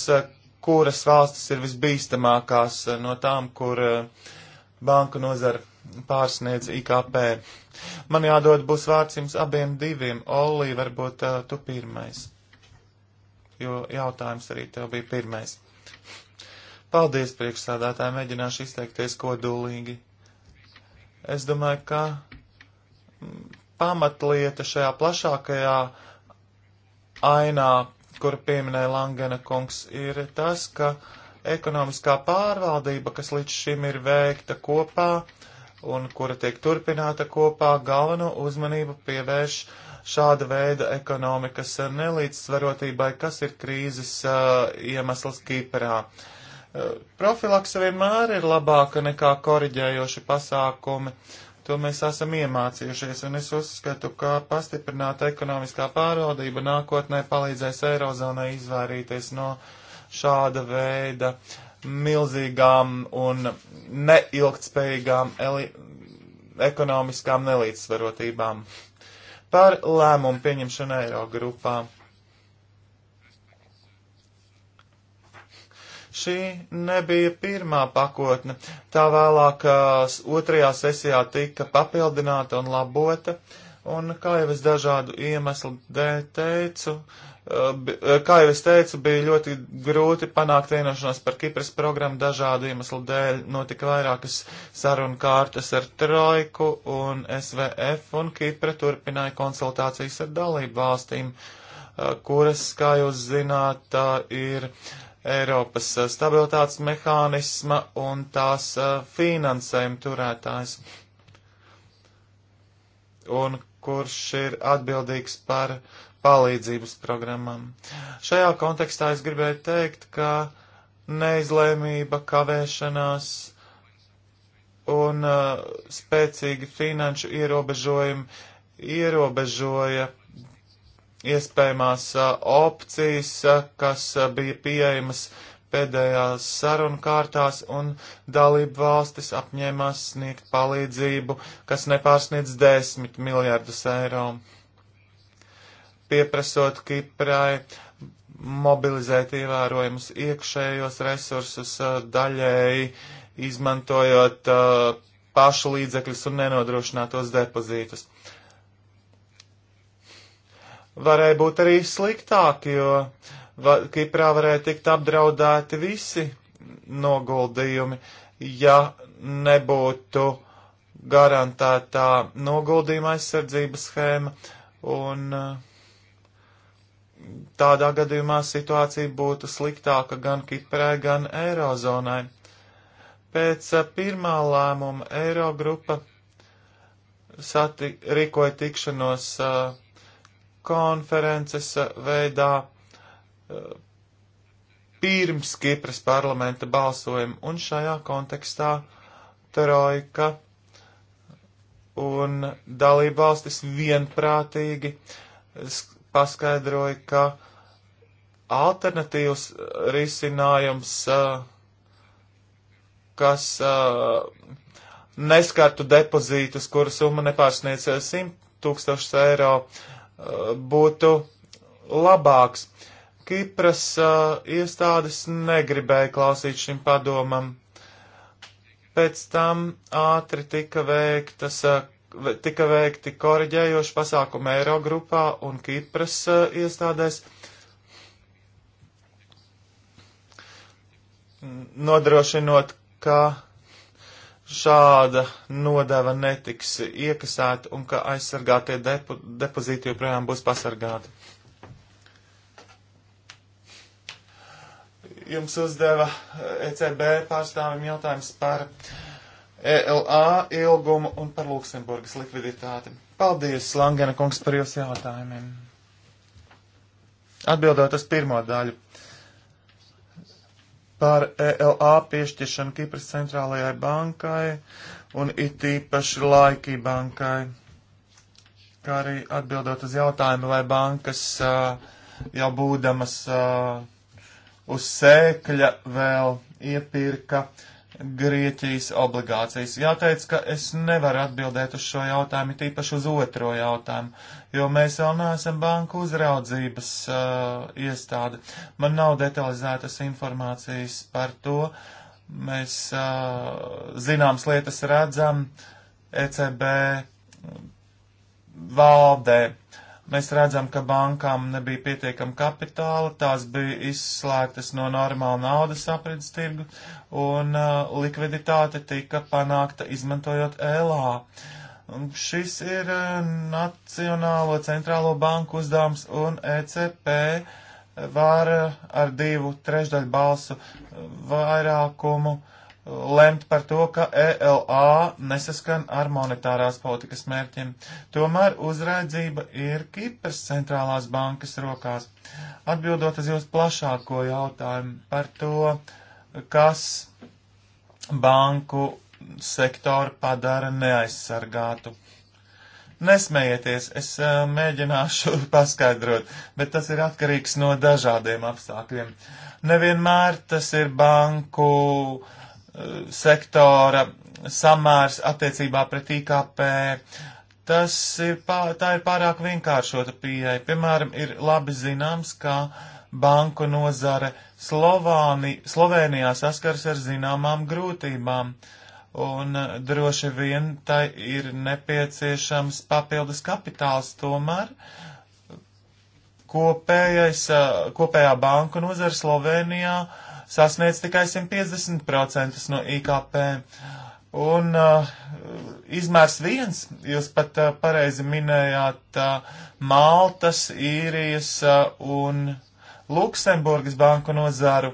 kuras valstis ir visbīstamākās no tām, kur uh, banku nozara pārsniedz IKP. Man jādod būs vārds jums abiem diviem. Olī, varbūt uh, tu pirmais. Jo jautājums arī tev bija pirmais. Paldies, priekšsādātāji, mēģināšu izteikties kodolīgi. Es domāju, ka mm, pamatlieta šajā plašākajā ainā, kuru pieminēja Langena kungs, ir tas, ka uh, Ekonomiskā pārvaldība, kas līdz šim ir veikta kopā un kura tiek turpināta kopā, galveno uzmanību pievērš šāda veida ekonomikas nelīdzsvarotībai, kas ir krīzes uh, iemesls Kīperā. Uh, profilaksa vienmēr ir labāka nekā koriģējoši pasākumi. To mēs esam iemācījušies, un es uzskatu, ka pastiprināta ekonomiskā pārvaldība nākotnē palīdzēs Eirozonai izvairīties no uh, šāda veida milzīgām un neilgtspējīgām ekonomiskām nelīdzsvarotībām. Par lēmumu pieņemšanu eiro grupā. Šī nebija pirmā pakotne. Tā vēlāk otrajā sesijā tika papildināta un labota, un kā jau es dažādu iemeslu dēļ teicu, uh, Eh, eh, kā jau es teicu, bija ļoti grūti panākt vienošanos par Kipras programmu dažādu iemeslu dēļ. Notika vairākas sarunu kārtas ar Trojku un SVF, un Kipra turpināja konsultācijas ar dalību valstīm, eh, kuras, kā jūs zināt, ir Eiropas stabilitātes mehānisma un tās finansējuma turētājs. Un kurš ir atbildīgs par uh, palīdzības programmām. Šajā kontekstā es gribēju teikt, ka neizlēmība, kavēšanās un uh, spēcīgi finanšu ierobežojumi ierobežoja iespējamās uh, opcijas, uh, kas uh, bija pieejamas pēdējās sarunu kārtās, un dalību valstis apņēmās sniegt palīdzību, kas nepārsniedz 10 miljardus eiro. Uh, pieprasot Kiprai mobilizēt ievērojumus iekšējos resursus daļēji, izmantojot uh, pašu līdzekļus un nenodrošinātos depozītus. Varēja būt arī sliktāk, jo va Kiprā varēja tikt apdraudēti visi noguldījumi, ja nebūtu garantētā noguldījuma aizsardzības schēma un uh, tādā gadījumā situācija būtu sliktāka gan Kiprai, gan Eirozonai. Pēc eh, pirmā lēmuma Eirogrupa sati, rīkoja tikšanos eh, konferences eh, veidā pirms Kipras parlamenta balsojuma, un šajā kontekstā Trojka un dalībvalstis vienprātīgi paskaidroja, ka alternatīvs risinājums, kas neskartu depozītus, kura summa nepārsniec 100 tūkstošus eiro, būtu labāks. Kipras iestādes negribēja klausīt šim padomam. Pēc tam ātri tika veiktas tika veikti koriģējoši pasākumi Eirogrupā un Kipras uh, iestādēs, nodrošinot, ka šāda nodeva netiks iekasēta un ka aizsargātie depo depozīti joprojām būs pasargāti. Jums uzdeva ECB e pārstāvim jautājums par uh, ELA ilgumu un par Luksemburgas likviditāti. Paldies, Langena kungs, par jūsu jautājumiem. Atbildot uz pirmo daļu par ELA piešķiršanu Kipras centrālajai bankai un it īpaši laikī bankai, kā arī atbildot uz jautājumu, vai bankas jau būdamas uz sēkļa vēl iepirka Grieķijas obligācijas. Jāteic, ka es nevaru atbildēt uz šo jautājumu, tīpaši uz otro jautājumu, jo mēs vēl neesam banku uzraudzības uh, iestāde. Man nav detalizētas informācijas par to. Mēs uh, zināms lietas redzam ECB valdē Mēs redzam, ka bankām nebija pietiekama kapitāla, tās bija izslēgtas no normāla naudas apredzes tirgu, un uh, likviditāte tika panākta izmantojot ELA. Šis ir uh, Nacionālo centrālo banku uzdevums, un ECP var uh, ar divu trešdaļu balsu uh, vairākumu uh, lemt par to, ka ELA nesaskan ar monetārās politikas mērķiem. Tomēr uzraidzība ir Kipras centrālās bankas rokās. Atbildot uz jūsu plašāko jautājumu par to, kas banku sektoru padara neaizsargātu. Nesmējieties, es uh, mēģināšu paskaidrot, bet tas ir atkarīgs no dažādiem apstākļiem. Nevienmēr tas ir banku uh, sektora samērs attiecībā pret IKP. Tas ir, pār, tā ir pārāk vienkāršota pieeja. Piemēram, ir labi zināms, ka banku nozare Slovāni, Slovenijā saskars ar zināmām grūtībām, un droši vien tai ir nepieciešams papildus kapitāls tomēr. Kopējais, kopējā banku nozara Slovenijā uh, sasniedz tikai 150% no IKP. Un uh, izmērs viens, jūs pat uh, pareizi minējāt uh, Maltas, īrijas uh, un Luksemburgas banku nozaru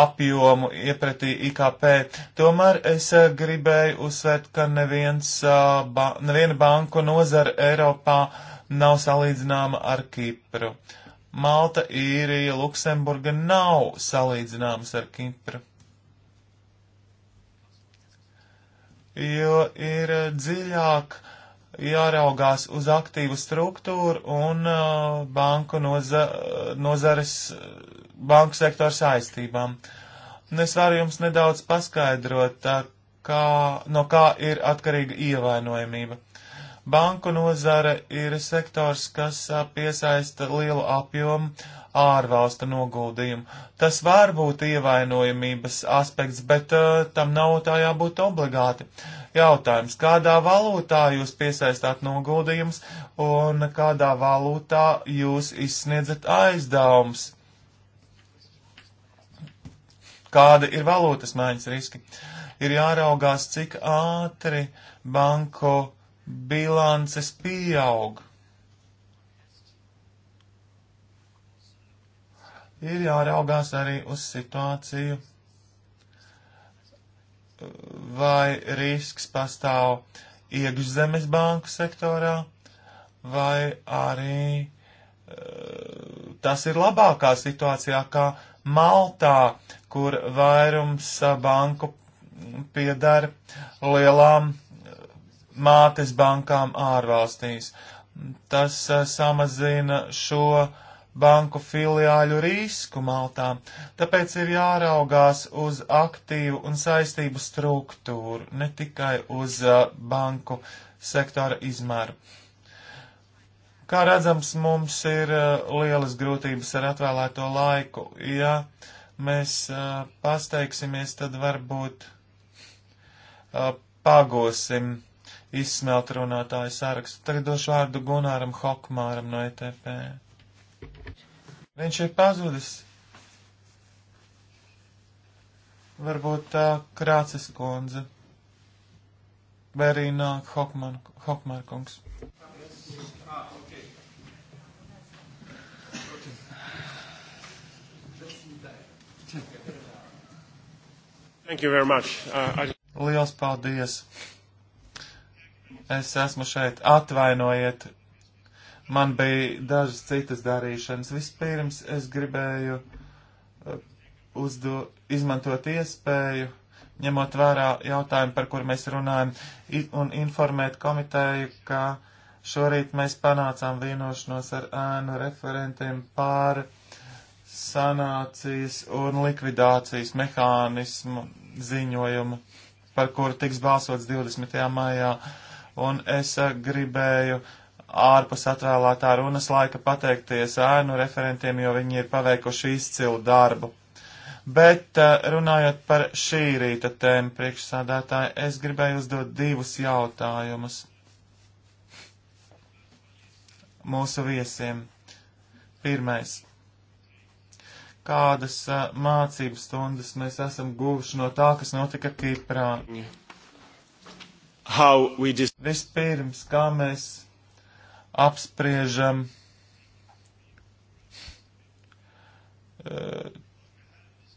apjomu iepratī IKP. Tomēr es uh, gribēju uzsvērt, ka neviens, uh, ba neviena banku nozara Eiropā nav salīdzināma ar Kipru. Uh, Malta, Īrija, Luksemburga nav salīdzināmas ar Kipru. Jo ir eh, dziļāk jāraugās uz aktīvu struktūru un uh, banku noza eh, nozares, banku sektora saistībām. Un es varu jums nedaudz paskaidrot, tā, kā, no kā ir atkarīga ievainojamība. Banku nozare ir sektors, kas piesaista lielu apjomu ārvalstu noguldījumu. Tas var būt ievainojamības aspekts, bet uh, tam nav tā jābūt obligāti. Jautājums, kādā valūtā jūs piesaistāt noguldījumus un kādā valūtā jūs izsniedzat aizdevums? Kāda ir valūtas maiņas riski? Ir jāraugās, cik ātri banku bilances pieaug. Ir jāraugās arī uz situāciju, vai risks pastāv iekšzemes banku sektorā, vai arī eh, tas ir labākā situācijā, kā Maltā, kur vairums eh, banku piedara lielām mātes bankām ārvalstīs. Tas a, eh, samazina šo banku filiāļu risku Maltā, tāpēc ir jāraugās uz aktīvu un saistību struktūru, ne tikai uz a, eh, banku sektora izmēru. Kā redzams, mums ir uh, lielas grūtības ar atvēlēto laiku. Ja mēs uh, pasteigsimies, tad varbūt uh, pagosim izsmelt runātāju sarakstu. Tagad došu vārdu Gunāram Hokmāram no ETP. Viņš ir pazudis. Varbūt tā Krācis kundze. Vai arī nāk Hokman, Hokmārkungs. Thank you very much. Uh, I... Liels paldies! es esmu šeit, atvainojiet, man bija dažas citas darīšanas. Vispirms es gribēju uh, uzdo, izmantot iespēju, ņemot vērā jautājumu, par kur mēs runājam, un informēt komiteju, ka šorīt mēs panācām vienošanos ar ēnu referentiem pār sanācijas un likvidācijas mehānismu ziņojumu, par kuru tiks balsots 20. maijā. Uh, un es eh, gribēju ārpus atrālātā runas laika pateikties ēnu referentiem, jo viņi ir paveikuši izcilu darbu. Bet eh, runājot par šī rīta tēmu priekšsādātāju, es gribēju uzdot divus jautājumus mūsu viesiem. Pirmais. Kādas eh, mācības stundas mēs esam guvuši no tā, kas notika Kiprā? Yeah. Vispirms, kā mēs apspriežam eh,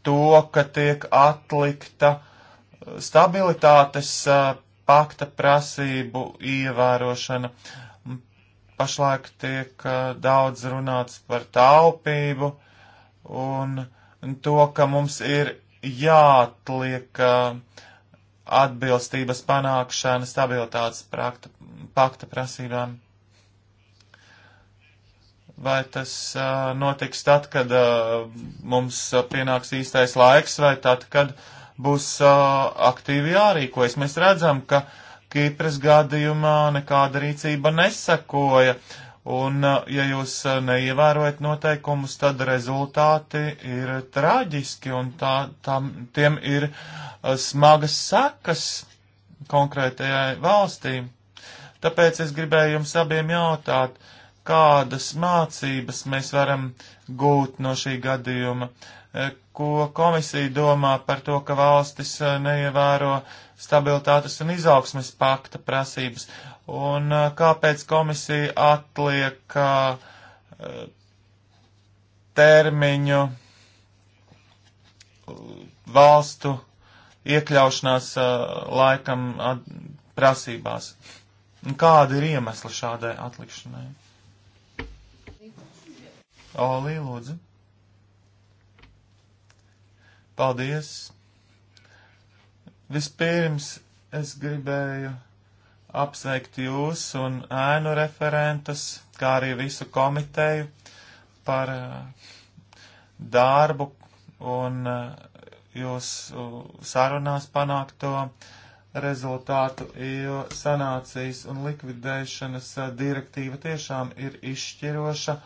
to, ka tiek atlikta eh, stabilitātes eh, pakta prasību ievērošana. Pašlaik tiek daudz runāts par taupību un to, ka mums ir jāatliek uh, atbilstības panākšana stabilitātes prakta, pakta prasībām. Vai tas uh, notiks tad, kad uh, mums pienāks īstais laiks, vai tad, kad būs uh, aktīvi jārīkojas? Mēs redzam, ka Kīpras gadījumā nekāda rīcība nesakoja. Uh, Un, uh, ja jūs uh, neievērojat noteikumus, tad rezultāti ir traģiski un tā, tam, tiem ir uh, smagas sekas konkrētajai valstī. Tāpēc es gribēju jums abiem jautāt, kādas mācības mēs varam gūt no šī gadījuma, e, ko komisija domā par to, ka valstis e, neievēro stabilitātes un izaugsmes pakta prasības, un uh, kāpēc komisija atliek uh, termiņu uh, valstu iekļaušanās laikam prasībās. Kāda ir iemesla šādai atlikšanai? Olī, lūdzu. Paldies. Vispirms es gribēju apsveikt jūs un ēnu referentus, kā arī visu komiteju par eh, darbu un eh, jūsu sarunās panākto rezultātu, jo sanācijas un likvidēšanas eh, direktīva tiešām ir izšķiroša,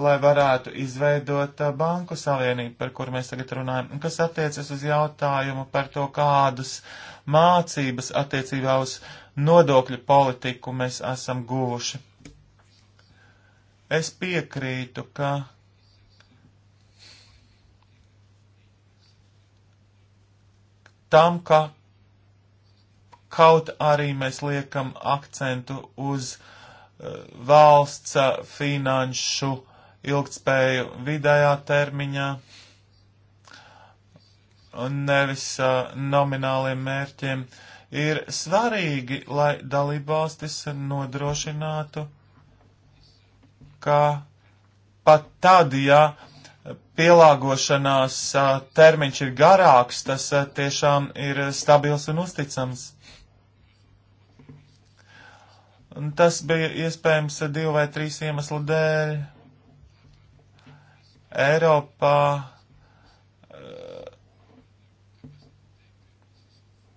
lai varētu izveidot banku savienību, par kur mēs tagad runājam, un kas attiecas uz jautājumu par to, kādas mācības attiecībā uz uh, nodokļu politiku mēs esam guvuši. Es piekrītu, ka tam, ka kaut arī mēs liekam akcentu uz uh, valsts eh, finanšu ilgtspēju vidējā termiņā un nevis uh, nomināliem mērķiem. Uh, ir svarīgi, lai dalībvalstis nodrošinātu, ka pat tad, ja pielāgošanās a, termiņš ir garāks, tas a, tiešām ir stabils un uzticams. Un tas bija iespējams divu vai trīs iemeslu dēļ. Eiropā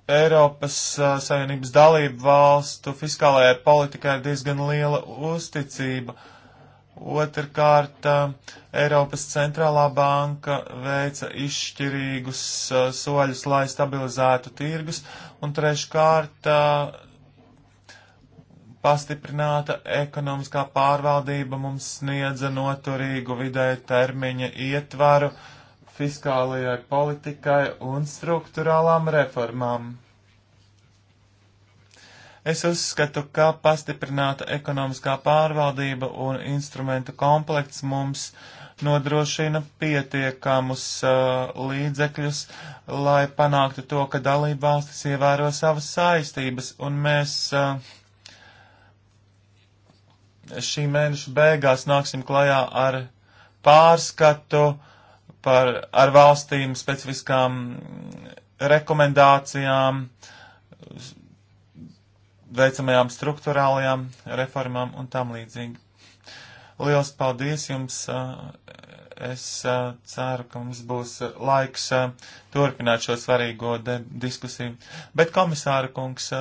Eiropas uh, Savienības dalību valstu fiskālajai politikai ir diezgan liela uzticība. Otrkārt, uh, Eiropas centrālā banka veica izšķirīgus uh, soļus, lai stabilizētu tirgus, un treškārt, pastiprināta ekonomiskā pārvaldība mums sniedza noturīgu vidēja termiņa ietvaru, uh, fiskālajai politikai un struktūrālām reformām. Es uzskatu, ka pastiprināta ekonomiskā pārvaldība un instrumentu komplekts mums nodrošina pietiekamus uh, līdzekļus, lai panāktu to, ka dalībvalstis ievēro savas saistības, un mēs uh, šī mēneša beigās nāksim klajā ar pārskatu uh, par, ar valstīm specifiskām rekomendācijām, veicamajām struktūrālajām reformām un tam līdzīgi. Liels paldies jums! Eh, es eh, ceru, ka mums būs laiks eh, turpināt šo svarīgo diskusiju. Bet, komisāra kungs,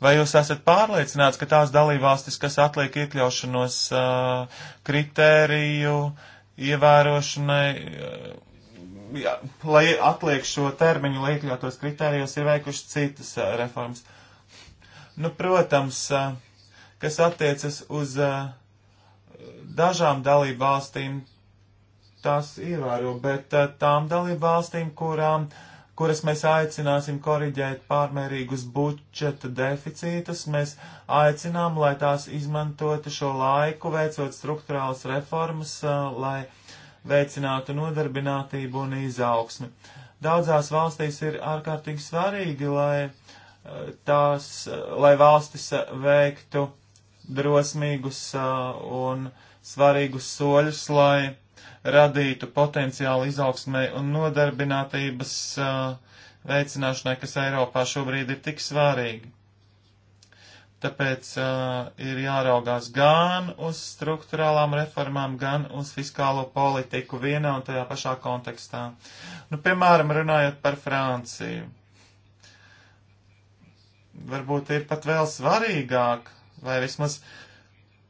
Vai jūs esat pārliecināts, ka tās dalībvalstis, kas atliek iekļaušanos uh, kritēriju ievērošanai, eh, jā, lai atliek šo termiņu, lai iekļautos kritērijos, ir veikuši citas eh, reformas. Nu, protams, eh, kas attiecas uz dažām dalību valstīm, tās ievēro, bet tām dalību valstīm, kurām uh, kuras mēs aicināsim koriģēt pārmērīgus budžeta deficītus. Mēs aicinām, lai tās izmantotu šo laiku, veicot struktūrālas reformas, lai veicinātu nodarbinātību un izaugsmi. Daudzās valstīs ir ārkārtīgi svarīgi, lai tās, lai valstis veiktu drosmīgus un svarīgus soļus, lai radītu potenciālu izaugsmai un nodarbinātības uh, veicināšanai, kas Eiropā šobrīd ir tik svarīgi. Tāpēc uh, ir jāraugās gan uz struktūrālām reformām, gan uz fiskālo politiku vienā un tajā pašā kontekstā. Nu, piemēram, runājot par Franciju. Varbūt ir pat vēl svarīgāk, vai vismaz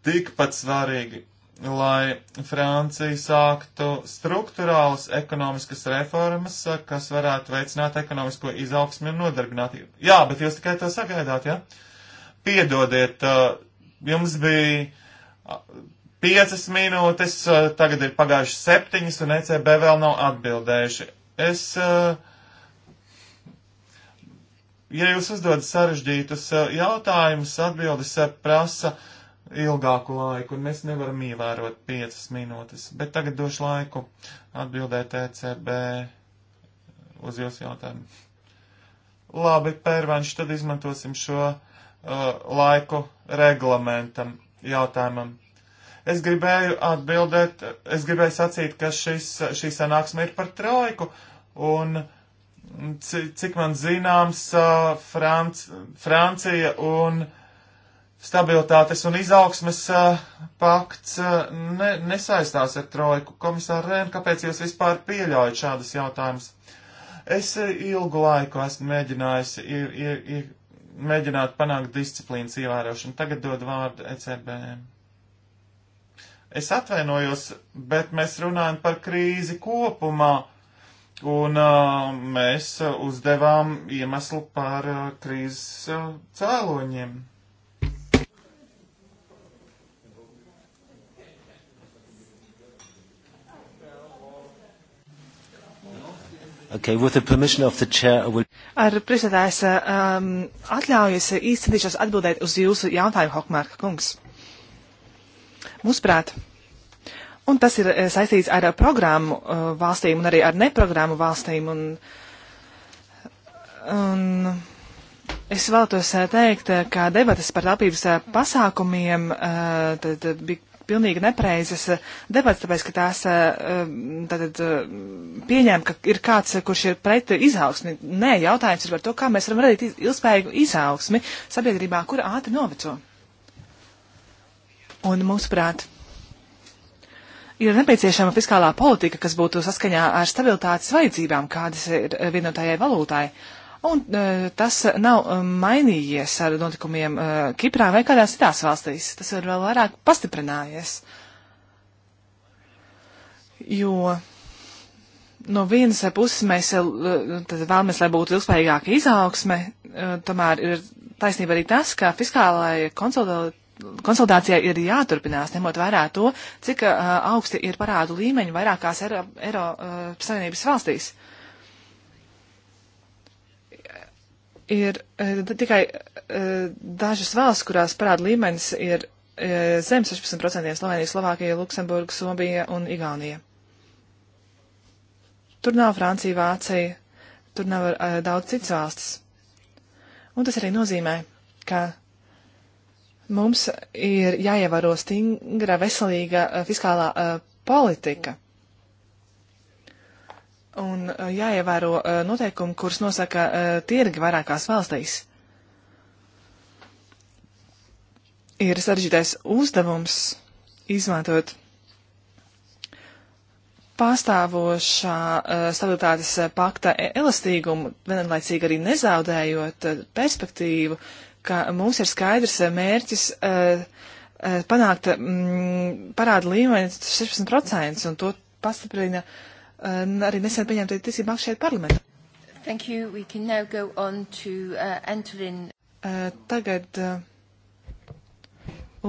tikpat svarīgi lai Francija sāktu struktūrālas ekonomiskas reformas, kas varētu veicināt ekonomisko izaugsmi un nodarbinātību. Jā, bet jūs tikai to sagaidāt, ja? Piedodiet, jums bija piecas minūtes, tagad ir pagājuši septiņas, un ECB vēl nav atbildējuši. Es, ja jūs uzdodat sarežģītus jautājumus, atbildes prasa ilgāku laiku, un mēs nevaram ievērot piecas minūtes. Bet tagad došu laiku atbildēt ECB uz jūsu jautājumu. Labi, pērvanš, tad izmantosim šo uh, laiku reglamentam jautājumam. Es gribēju atbildēt, es gribēju sacīt, ka šis, šī sanāksme ir par trojku, un cik man zināms, uh, Franc, Francija un uh, stabilitātes un izaugsmes uh, pakts uh, ne, nesaistās ar trojku. Komisāra Rēna, kāpēc jūs vispār pieļaujat šādas jautājumas? Es eh, ilgu laiku esmu mēģinājis, ir, ir, ir, mēģināt panākt disciplīnas ievērošanu. Tagad dod vārdu ECBM. Es atvainojos, bet mēs runājam par krīzi kopumā. Un uh, mēs uzdevām iemeslu par uh, krīzes uh, cēloņiem. Okay, with the permission of the chair, will... Ar priekšsēdājas um, atļaujas īstenīšos atbildēt uz jūsu jautājumu, Hokmārka kungs. Mūsuprāt, un tas ir eh, saistīts ar programmu uh, valstīm un arī ar neprogrammu valstīm. Un, un es vēlētos eh, teikt, eh, ka debatas par tapības pasākumiem uh, tad, bija pilnīgi nepreizes eh, debats, tāpēc, ka tās eh, eh, tātad, pieņēma, ka ir kāds, kurš ir pret izaugsmi. Nē, jautājums ir par to, kā mēs varam radīt ilgspējīgu izaugsmi sabiedrībā, kur ātri noveco. Un mūsuprāt, ir nepieciešama fiskālā politika, kas būtu saskaņā ar stabilitātes vajadzībām, kādas ir vienotājai valūtājai Un e, tas nav e, mainījies ar notikumiem e, Kiprā vai kādās citās valstīs. Tas ir vēl vairāk pastiprinājies. Jo no vienas puses mēs vēlamies, lai būtu ilgspējīgāka izaugsme, tomēr ir taisnība arī tas, ka fiskālai konsolidācijai ir jāturpinās, ņemot vērā to, cik augsti ir parādu līmeņi vairākās Eiropas Savienības valstīs. Uh, Ir e, tikai e, dažas valsts, kurās parāda līmenis ir e, zem 16% - Slovenija, Slovākija, Luksemburga, Somija un Igaunija. Tur nav Francija, Vācija, tur nav uh, daudz citas valstis. Un tas arī nozīmē, ka mums ir jāievaro stingra, veselīga uh, fiskālā uh, politika. Mm un uh, jāievēro uh, noteikumi, kurus nosaka uh, tirgi vairākās valstīs. Ir sarežģītais uzdevums izmantot pastāvošā stabilitātes pakta elastīgumu, vienlaicīgi arī nezaudējot perspektīvu, ka mums ir skaidrs mērķis panākt mm, parāda līmeni 16% un to pastiprina uh, Um, arī nesen pieņemtie tiesību akti šeit parlamentā. Thank you. We can now go on to uh, Antolin. Uh, tagad uh,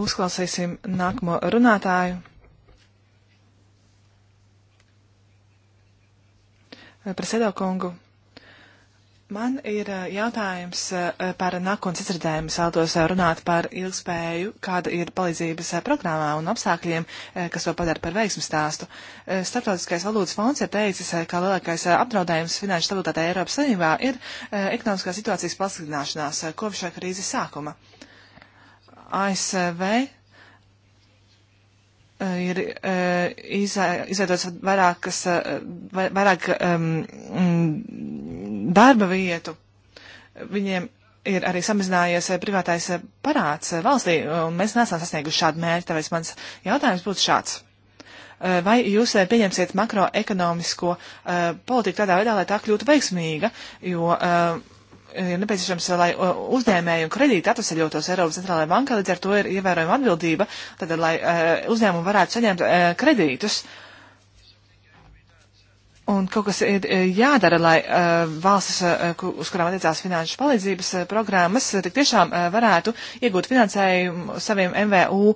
uzklausīsim nākamo runātāju. Uh, Presēdo kungu. Man ir eh, jautājums eh, par nākotnes izredzējumu. Es vēlos eh, runāt par ilgspēju, kāda ir palīdzības programmā un apstākļiem, kas to padara par veiksmu stāstu. Startautiskais valūtas fonds ir teicis, ka lielākais apdraudējums finanšu stabilitātei Eiropas Savienībā ir ekonomiskā situācijas pasliktināšanās kopš krīzes sākuma. ASV ir uh, izveidots vairākas, uh, vairāk um, darba vietu. Viņiem ir arī samazinājies eh, privātais eh, parāds eh, valstī, un mēs nesam sasnieguši šādu mērķi, tāpēc mans jautājums būtu šāds. Vai jūs pieņemsiet makroekonomisko politiku tādā veidā, lai tā kļūtu veiksmīga, jo ir nepieciešams, lai uzņēmēji un kredīti atvesaļotos Eiropas centrālajai bankai, līdz ar to ir ievērojama atbildība, tad, lai uzņēmumi varētu saņemt kredītus. Uh, Un kaut kas ir eh, jādara, lai uh, valstis, uh, uz kurām attiecās finanšu palīdzības uh, programmas, tik tiešām uh, varētu iegūt finansējumu saviem MVU.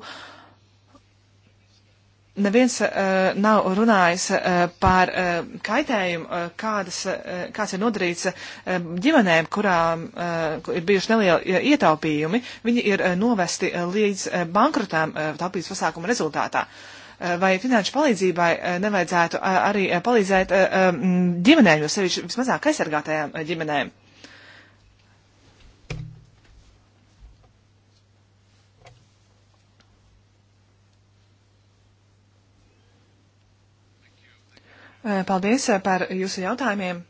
Neviens uh, nav runājis uh, par uh, kaitējumu, uh, kādas, uh, kāds ir nodarīts uh, ģimenēm, kurām uh, ir bijuši nelieli uh, ietaupījumi. Viņi ir uh, novesti uh, līdz uh, bankrotām uh, taupības pasākuma rezultātā. Uh, Eh, vai finanšu palīdzībai eh, nevajadzētu eh, arī palīdzēt ģimenēm, jo sevišķi vismazāk aizsargātajām ģimenēm. Paldies par jūsu jautājumiem.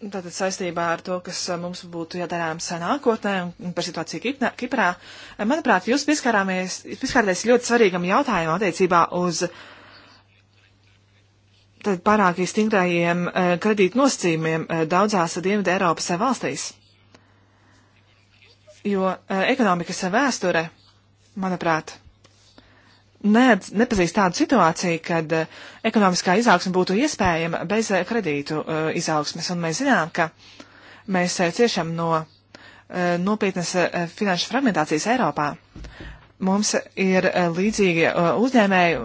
Tātad saistībā ar to, kas eh, mums būtu jādarāms nākotnē un par situāciju Kipnā, Kiprā, eh, manuprāt, jūs pieskārties ļoti svarīgam jautājumam attiecībā uz tad pārāk stingrajiem eh, kredītu nosacījumiem daudzās Dienvidē Eiropas valstīs. Jo ekonomikas vēsture, manuprāt, neatz, nepazīst tādu situāciju, kad uh, ekonomiskā izaugsme būtu iespējama bez uh, kredītu uh, izaugsmes, un mēs zinām, ka mēs ciešam no nopietnas finanšu fragmentācijas Eiropā. Mums ir līdzīgi uzņēmēji,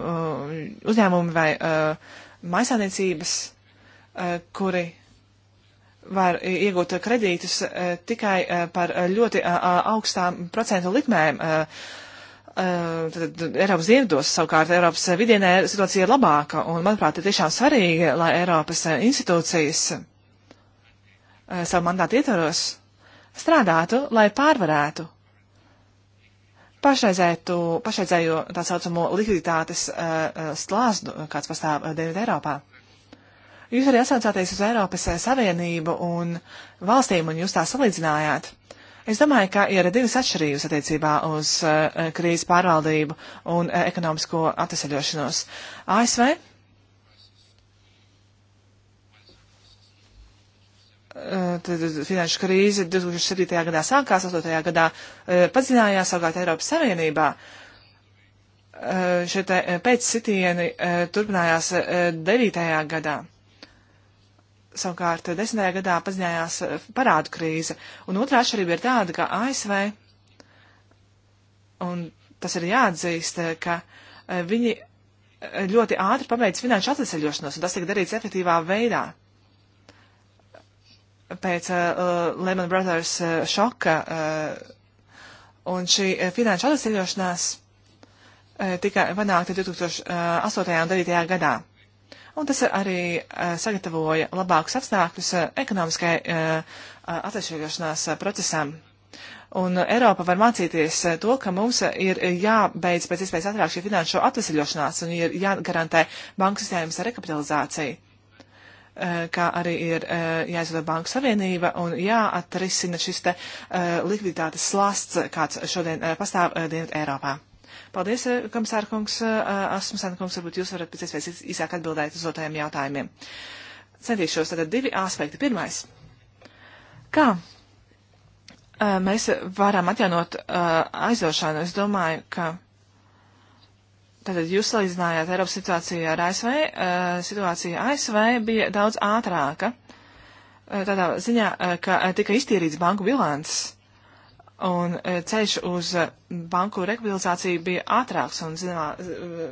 uzņēmumi vai maisāniecības, kuri var iegūt kredītus tikai par ļoti augstām procentu likmēm Eh, tad Eiropas dienvidos, savukārt Eiropas vidienē situācija ir labāka, un, manuprāt, ir tiešām svarīgi, lai Eiropas eh, institūcijas eh, savu mandātu ietvaros strādātu, lai pārvarētu pašreizējo tā saucamo likviditātes uh, slāzdu, kāds pastāv Dienvidu Eiropā. Jūs arī atsaucāties uz Eiropas Savienību un valstīm, un jūs tā salīdzinājāt. Uh, Es domāju, ka ir divas atšķirības attiecībā uz uh, krīzes pārvaldību un uh, ekonomisko atvesaļošanos. ASV uh, eh, finanšu krīze 2007. gadā sākās, 8. gadā padziļinājās, savukārt Eiropas Savienībā šie pēcsitieni turpinājās 9. gadā. Savukārt, eh, desmitajā gadā paziņājās eh, parādu krīze, un otrā atšķirība ir tāda, ka ASV, un tas ir jāatzīst, eh, ka viņi ļoti ātri pabeidz finanšu atvesaļošanos, un tas tiek darīts efektīvā veidā. Pēc uh, Lehman Brothers uh, šoka uh, un šī finanšu atvesaļošanās uh, tika panākta 2008. un 2009. gadā un tas arī eh, sagatavoja labākus apstākļus eh, ekonomiskai eh, atvesaļošanās procesam. Un Eiropa var mācīties to, ka mums ir jābeidz pēc iespējas ātrāk šī finanšu atvesaļošanās un ir jāgarantē banku sistēmas rekapitalizācija kā arī ir jāizveido Banka Savienība un jāatrisina šis te likviditātes slasts, kāds šodien pastāv Dienvidu Eiropā. Paldies, eh, komisārkungs. Asmusēnkungs, eh, varbūt jūs varat pēc iespējas īsāk atbildēt uz dotajiem jautājumiem. Centīšos tātad divi aspekti. Pirmais. Kā eh, mēs varam atjaunot aizdošanu? Es domāju, ka. Tātad jūs salīdzinājāt Eiropas situāciju ar ASV. Situācija ASV bija daudz ātrāka. Tādā ziņā, ka tika iztīrīts banku bilants Un e, ceļš uz e, banku rekapitalizāciju bija ātrāks un, zināmā, e,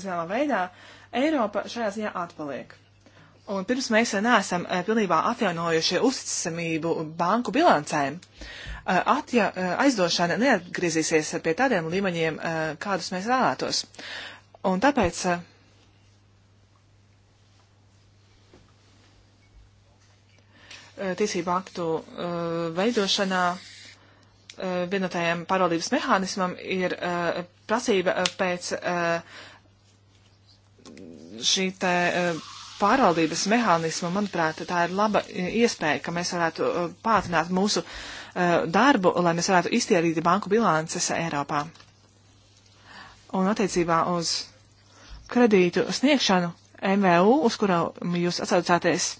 zināmā veidā, Eiropa šajā ziņā atpaliek. Un pirms mēs neesam pilnībā atjaunojuši uzticamību banku bilancēm, atja, aizdošana neatgriezīsies pie tādiem līmeņiem, kādus mēs vēlētos. Un tāpēc tiesību aktu veidošanā Eh, vienotajam pārvaldības mehānismam ir eh, prasība eh, pēc šī te pārvaldības mehānisma, manuprāt, tā ir laba iespēja, ka mēs varētu pātrināt mūsu darbu, lai mēs varētu iztīrīt banku bilances Eiropā. Un attiecībā uz kredītu sniegšanu MVU, uz kuru jūs atsaucāties,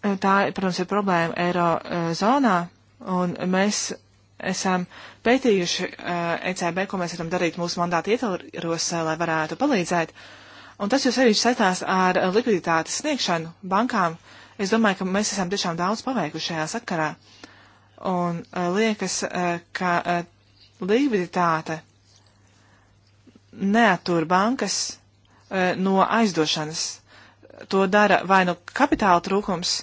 Eh, tā, protams, ir problēma eiro eh, zonā, un mēs esam pētījuši ECB, eh, e ko mēs varam darīt mūsu mandāta ietvaros, lai varētu palīdzēt. Un tas jau sevišķi saistās ar likviditātes sniegšanu bankām. Es domāju, ka mēs esam tiešām daudz paveikuši šajā sakarā. Un liekas, ka likviditāte neatur bankas no aizdošanas. To dara vai nu kapitāla trūkums,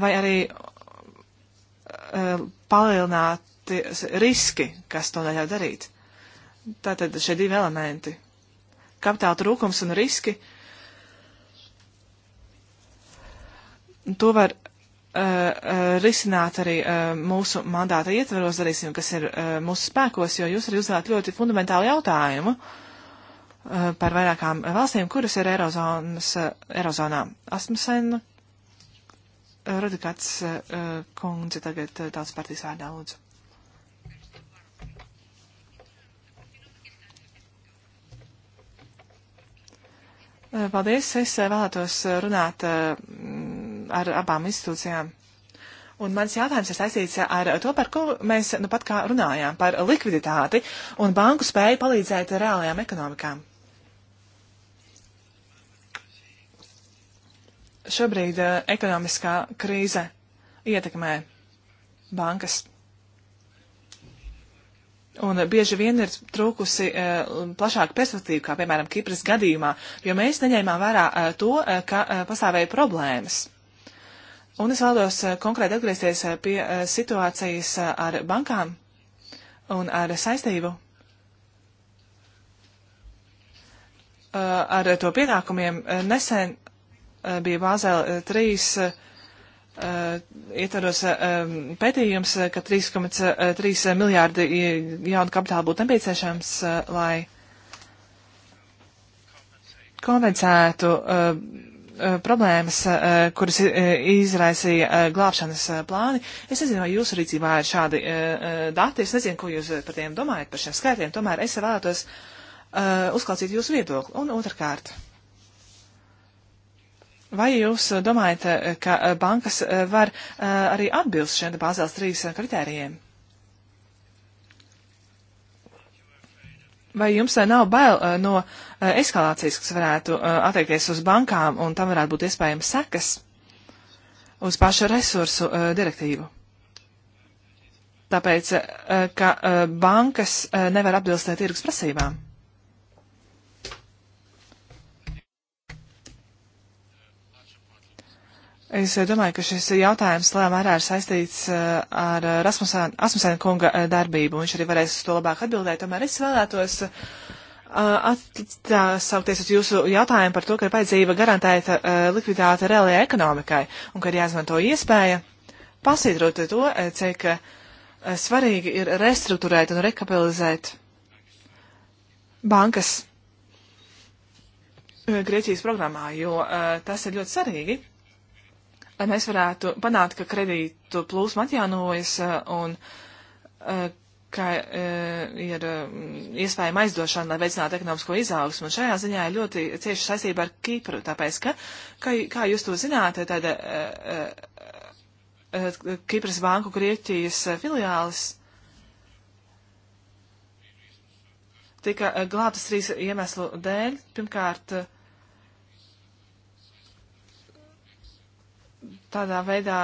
vai arī uh, palielināti riski, kas to neļauj darīt. Tātad šie divi elementi - kapitāla trūkums un riski. To var Uh, risināt arī uh, mūsu mandāta ietveros, darīsim, kas ir uh, mūsu spēkos, jo jūs arī uzdevāt ļoti fundamentālu jautājumu par vairākām valstīm, kuras ir Eirozonas, Eirozonā. Asmusen Radikāts eh, kundze tagad eh, tautas partijas vārdā lūdzu. Eh, paldies, es vēlētos runāt ar abām institūcijām. Un mans jautājums ir saistīts ar to, par ko mēs nu pat kā runājām, par likviditāti un banku spēju palīdzēt reālajām ekonomikām. šobrīd uh, ekonomiskā krīze ietekmē bankas. Un uh, bieži vien ir trūkusi uh, plašāka perspektīva, kā piemēram Kipras gadījumā, jo mēs neņēmām vērā uh, to, uh, ka uh, pastāvēja problēmas. Un es vēlos uh, konkrēti atgriezties uh, pie uh, situācijas uh, ar bankām un ar saistību uh, ar to pienākumiem. Uh, nesen Eh, bija Bāzēla 3 eh, eh, ietvaros pētījums, ka 3,3 miljārdi jaunu kapitālu būtu nepieciešams, lai kompensētu problēmas, kuras izraisīja glābšanas plāni. Es nezinu, vai jūsu rīcībā ir šādi dati, es nezinu, ko jūs par tiem domājat, par šiem skaitļiem, tomēr es vēlētos uzklausīt jūsu viedokli. Un otrkārt. Uh, Vai jūs eh, domājat, eh, ka eh, bankas var arī atbilst šiem bāzēls trīs kritērijiem? Vai jums nav bail no eskalācijas, kas varētu attiekties uz bankām un tam varētu būt iespējams sekas uz pašu resursu direktīvu? Tāpēc, ka bankas nevar atbilst tirgus prasībām. Es domāju, ka šis jautājums lielā mērā ir saistīts eh, ar eh, Rasmusēna kunga eh, darbību. Viņš arī varēs uz to labāk atbildēt. Tomēr es vēlētos atsaukties uz jūsu jautājumu par to, ka ir vajadzība garantēt likviditāte reālajai ekonomikai un ka ir jāizmanto iespēja pasītrot to, cik svarīgi ir restruktūrēt un rekapitalizēt bankas Grieķijas programmā, jo tas ir ļoti svarīgi mēs varētu panākt, ka kredītu plūsma atjaunojas eh, un eh, ka eh, ir mm, iespējama aizdošana, lai veicinātu ekonomisko izaugsmu. Un šajā ziņā ir ļoti cieši saistība ar Kipru, tāpēc, ka, ka kā jūs to zināt, tad Kipras banku Grieķijas filiālis tika glābtas trīs iemeslu dēļ. Pirmkārt, tādā veidā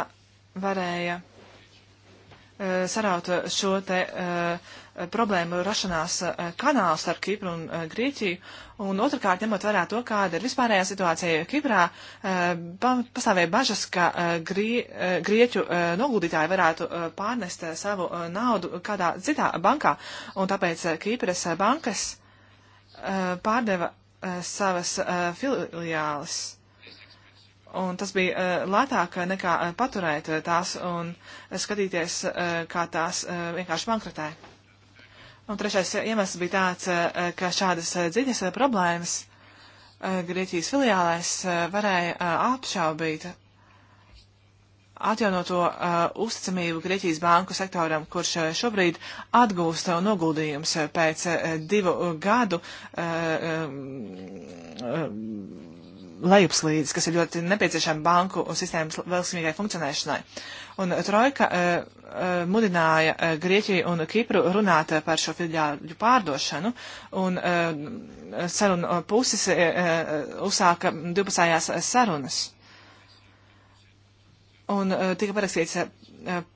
varēja uh, saraut šo te uh, problēmu rašanās e, kanālu starp Kipru un Grieķiju, un otrkārt, ņemot vērā to, kāda ir vispārējā situācija Kiprā, pastāvēja bažas, ka grie, Grieķu noguldītāji varētu pārnest savu naudu kādā citā bankā, un tāpēc Kipras bankas pārdeva savas filiāles Un tas bija eh, lētāk nekā eh, paturēt eh, tās un skatīties, kā tās vienkārši bankrotē. Un trešais iemesls bija tāds, ka šādas dziļas problēmas Grieķijas filiālēs varēja apšaubīt atjaunoto uzticamību Grieķijas banku sektoram, kurš šobrīd atgūst noguldījums pēc divu gadu lejupslīdes, kas ir ļoti nepieciešama banku sistēmas veiksmīgai funkcionēšanai. Un Trojka uh, mudināja uh, Grieķiju un Kipru runāt uh, par šo filiāļu pārdošanu, un uh, sarunu puses uh, uzsāka divpusējās sarunas. Un uh, tika parakstīts uh,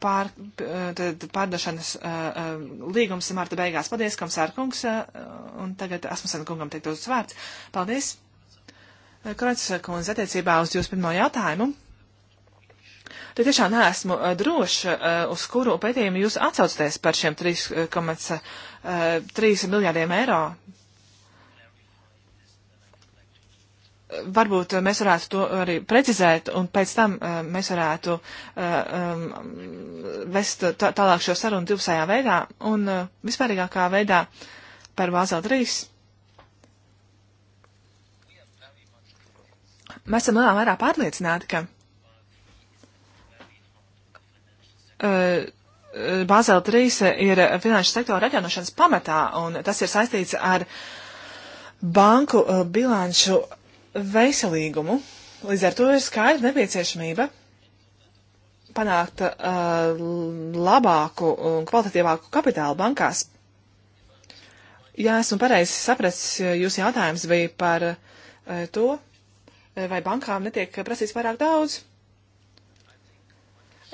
pār, tad pārdošanas uh, līgums marta beigās. Paldies, komisār kungs, uh, un tagad Asmusen kungam tiek dots vārds. Paldies! Kolēģis Kundze, attiecībā uz jūsu pirmo jautājumu. Tad tiešām neesmu eh, droša, eh, uz kuru pētījumu jūs atsaucaties par šiem 3,3 eh, miljārdiem eiro. Varbūt mēs varētu to arī precizēt, un pēc tam mēs varētu um, vest tālāk šo sarunu divsajā veidā un vispārīgākā veidā par Vāzel 3 Mēs esam lielā mērā pārliecināti, ka uh, Bāzela 3 ir finanšu sektora atjaunošanas pamatā, un tas ir saistīts ar banku uh, bilanšu veselīgumu. Līdz ar to ir skaidra nepieciešamība panākt uh, labāku un kvalitatīvāku kapitālu bankās. Jā, esmu pareizi sapratis, jūsu jautājums bija par uh, to, vai bankām netiek prasīts pārāk daudz.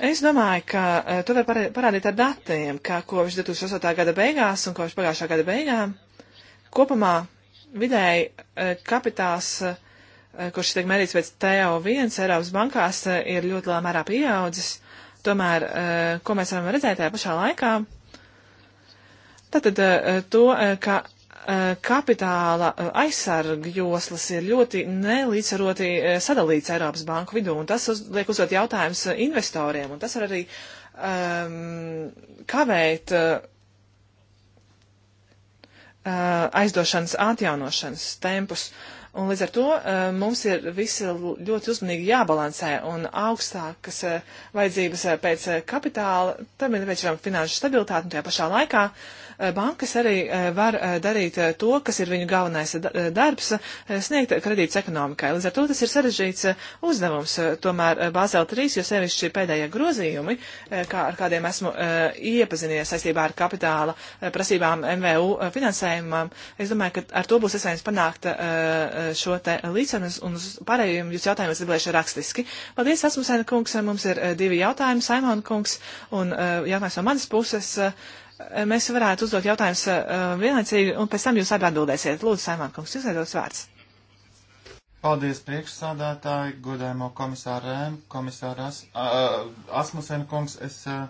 Es domāju, ka eh, to var parādīt ar datiem, ka kopš 2008. gada beigās un kopš pagājušā gada beigām kopumā vidēji eh, kapitāls, eh, kurš tiek mērīts pēc TO1 Eiropas bankās, ir ļoti lielā mērā pieaudzis. Tomēr, ko mēs varam redzēt tajā pašā laikā, tātad to, ka Eh, kapitāla eh, aizsargu joslas ir ļoti nelīdzsvaroti eh, sadalīts Eiropas banku vidū, un tas liek uzdot jautājums investoriem, un tas var arī um, kavēt uh, aizdošanas atjaunošanas tempus. Un līdz ar to uh, mums ir visi ļoti uzmanīgi jābalansē, un augstākas uh, vajadzības pēc kapitāla, tam ir nepieciešama finanšu stabilitāte, un tajā pašā laikā uh, Eh, bankas arī eh, var eh, darīt to, kas ir viņu galvenais darbs - sniegt kredītus ekonomikai. Līdz ar to tas ir sarežģīts uzdevums. Tomēr Bāzēl 3, jo sevišķi pēdējie grozījumi, kā, ar kādiem esmu iepazinies saistībā ar kapitāla prasībām MVU finansējumam, es domāju, ka ar to būs iespējams panākt šo te līdzsvaru un uz pārējiem jūs jautājumus atbildēšu rakstiski. Paldies, Asmusēna kungs, mums ir divi jautājumi, Saimona kungs, un jautājums no manas puses. Uh, mēs varētu uzdot jautājumus uh, vienlaicīgi, un pēc tam jūs abi atbildēsiet. Lūdzu, Saimāk, kungs, jūs nedos vārds. Paldies priekšsādātāji, godājumo komisārēm, komisāras uh, Asmusen kungs. Es uh,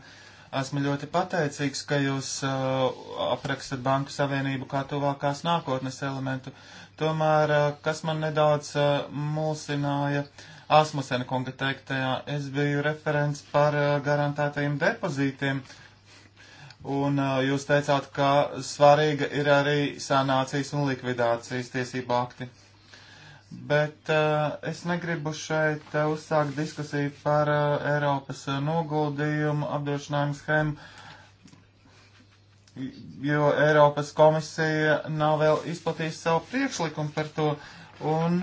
esmu ļoti pateicīgs, ka jūs aprakstat Banku Savienību kā tuvākās nākotnes elementu. Tomēr, kas man nedaudz mulsināja Asmusen kunga teiktajā, es biju referents par garantētajiem depozītiem Un uh, jūs teicāt, ka svarīga ir arī sanācijas un likvidācijas tiesība akti. Bet uh, es negribu šeit uh, uzsākt diskusiju par uh, Eiropas uh, noguldījumu apdrošinājumu schēmu, jo Eiropas komisija nav vēl izplatījusi savu priekšlikumu par to. Un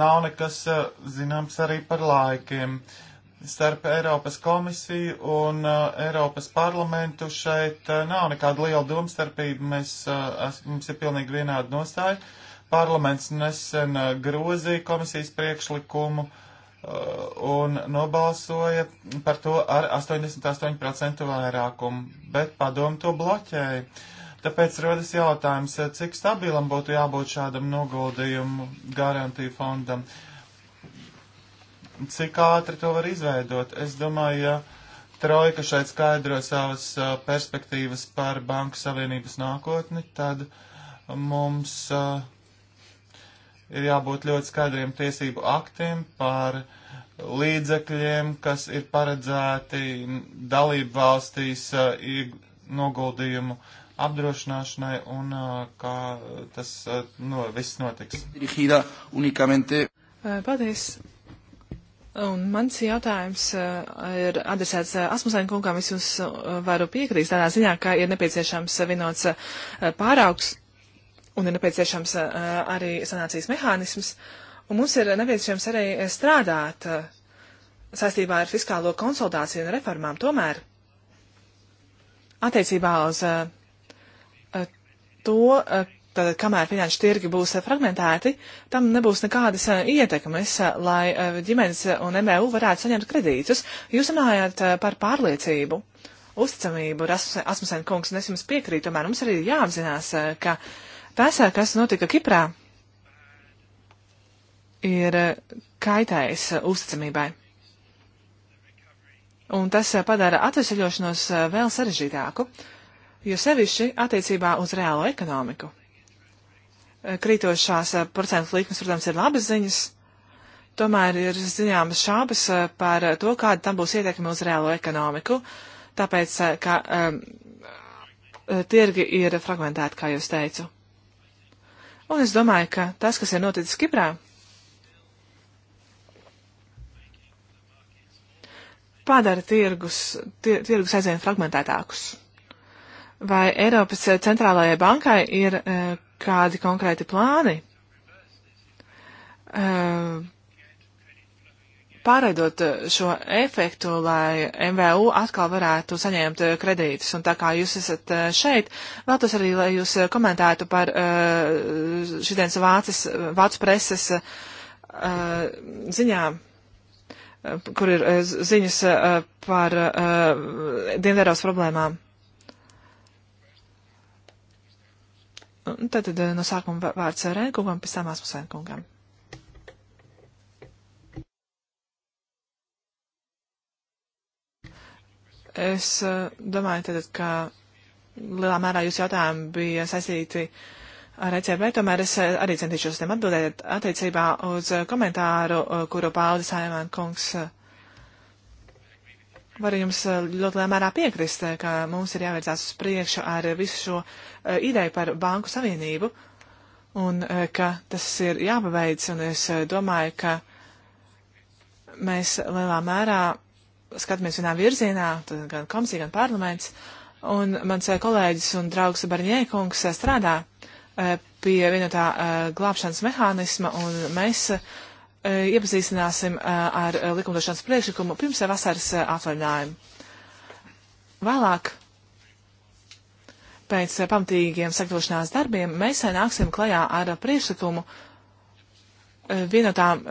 nav nekas uh, zināms arī par laikiem. Uh, starp Eiropas komisiju un uh, Eiropas parlamentu šeit uh, nav nekāda liela domstarpība. Mēs, uh, es, mums ir pilnīgi vienāda nostāja. Parlaments nesen uh, grozīja komisijas priekšlikumu uh, un nobalsoja par to ar 88% vairākumu, bet padomu to bloķēja. Tāpēc rodas jautājums, uh, cik stabilam būtu jābūt šādam noguldījumu garantiju fondam. Uh, cik ātri to var izveidot. Es domāju, ja Trojka šeit skaidro savas perspektīvas par Banku Savienības nākotni, tad mums uh, ir jābūt ļoti skaidriem tiesību aktiem par līdzekļiem, kas ir paredzēti dalību valstīs uh, noguldījumu apdrošināšanai un uh, kā tas no, viss notiks. Paldies! Un mans jautājums eh, ir adresēts eh, Asmusēna kungam. Es jums eh, varu piekrīst tādā ziņā, ka ir nepieciešams vienots pāraugs un ir nepieciešams arī sanācijas mehānisms. Un mums ir nepieciešams arī strādāt saistībā ar fiskālo konsultāciju un reformām. Tomēr attiecībā uz to, Tātad, kamēr finanšu tirgi būs eh, fragmentēti, tam nebūs nekādas eh, ietekmes, eh, lai ģimenes un MBU varētu saņemt kredītus. Jūs runājāt par pārliecību, uzticamību, Asmusen kungs, un es jums piekrītu, tomēr mums arī jāapzinās, ka tas, kas notika Kiprā, ir kaitējis uzticamībai. Un tas padara atvesaļošanos vēl sarežģītāku, jo sevišķi attiecībā uz reālo ekonomiku. Eh, krītošās eh, procentu likmes, protams, ir labas ziņas. Tomēr ir zināmas šābas eh, par to, kāda tam būs ietekme uz reālo ekonomiku, tāpēc, ka um, tirgi ir fragmentēti, kā jūs teicu. Un es domāju, ka tas, kas ir noticis Kiprā, padara tirgus, tir, tirgus aizvien fragmentētākus. Vai Eiropas centrālajai bankai ir uh, kādi konkrēti plāni. Uh, pārveidot šo efektu, lai MVU atkal varētu saņemt kredītus. Un tā kā jūs esat šeit, vēlos arī, lai jūs komentētu par šodienas vācis, vācu preses ziņām kur ir ziņas par Dienvidēros problēmām. Un tad eh, no sākuma vārds eh, Rēnkungam, pēc tam Asmusenkungam. Es eh, domāju, tad, ka lielā mērā jūs jautājumi bija saistīti ar ECB, tomēr es arī centīšos tiem atbildēt attiecībā uz komentāru, kuru paudis Aimēn kungs. Uh, Varu jums eh, ļoti lēmērā piekrist, eh, ka mums ir jāvērtās uz priekšu ar eh, visu šo ideju par banku savienību un ka tas ir jāpaveic, un es domāju, ka mēs lielā mērā skatāmies vienā virzienā, gan komisija, gan parlaments, un mans kolēģis un draugs Barņēkungs strādā pie vienotā glābšanas mehānisma, un mēs E, iepazīstināsim e, ar e, likumdošanas priekšlikumu pirms vasaras atvaļinājumu. Vēlāk, pēc pamatīgiem sagatavošanās darbiem, mēs nāksim klajā ar priekšlikumu vienotām,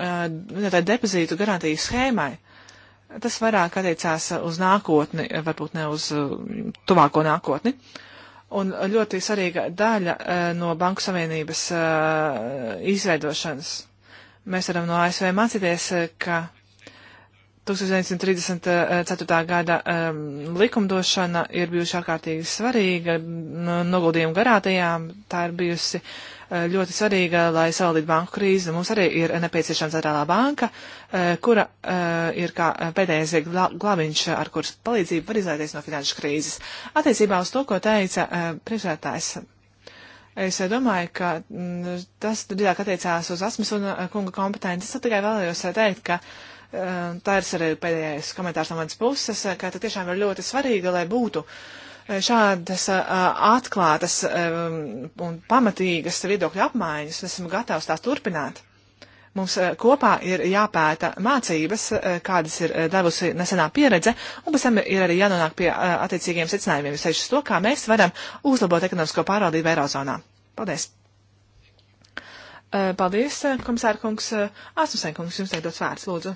vienotā depozītu garantiju schēmai. Tas vairāk attiecās uz nākotni, varbūt ne uz tuvāko nākotni. Un ļoti svarīga daļa no Banku Savienības izveidošanas Mēs varam no ASV mācīties, eh, ka 1934. Eh, gada um, likumdošana ir bijusi ārkārtīgi svarīga, noguldījumu garātajām tā ir bijusi uh, ļoti svarīga, lai saldītu banku krīzi. Mums arī ir nepieciešama centrālā banka, uh, kura uh, ir kā pēdējais glā, glābiņš, ar kuras palīdzību var izlaities no finanšu krīzes. Attiecībā uz to, ko teica priekšētājs Es eh, domāju, ka mm, tas drīzāk attiecās uz Asmas un eh, kunga kompetenci. Es tikai vēlējos eh, teikt, ka tā ir arī pēdējais komentārs no manas puses, ka tas tiešām ir ļoti svarīgi, lai būtu šādas atklātas un pamatīgas viedokļu apmaiņas. Esmu gatavs tās turpināt. Mums eh, kopā ir jāpēta mācības, eh, kādas ir eh, devusi nesenā pieredze, un pēc tam ir arī jānonāk pie attiecīgiem secinājumiem, sevišķi to, kā mēs varam uzlabot ekonomisko pārvaldību Eirozonā. Paldies! Paldies, komisārkungs. Asmusenkungs, jums tiek dots vārds, lūdzu.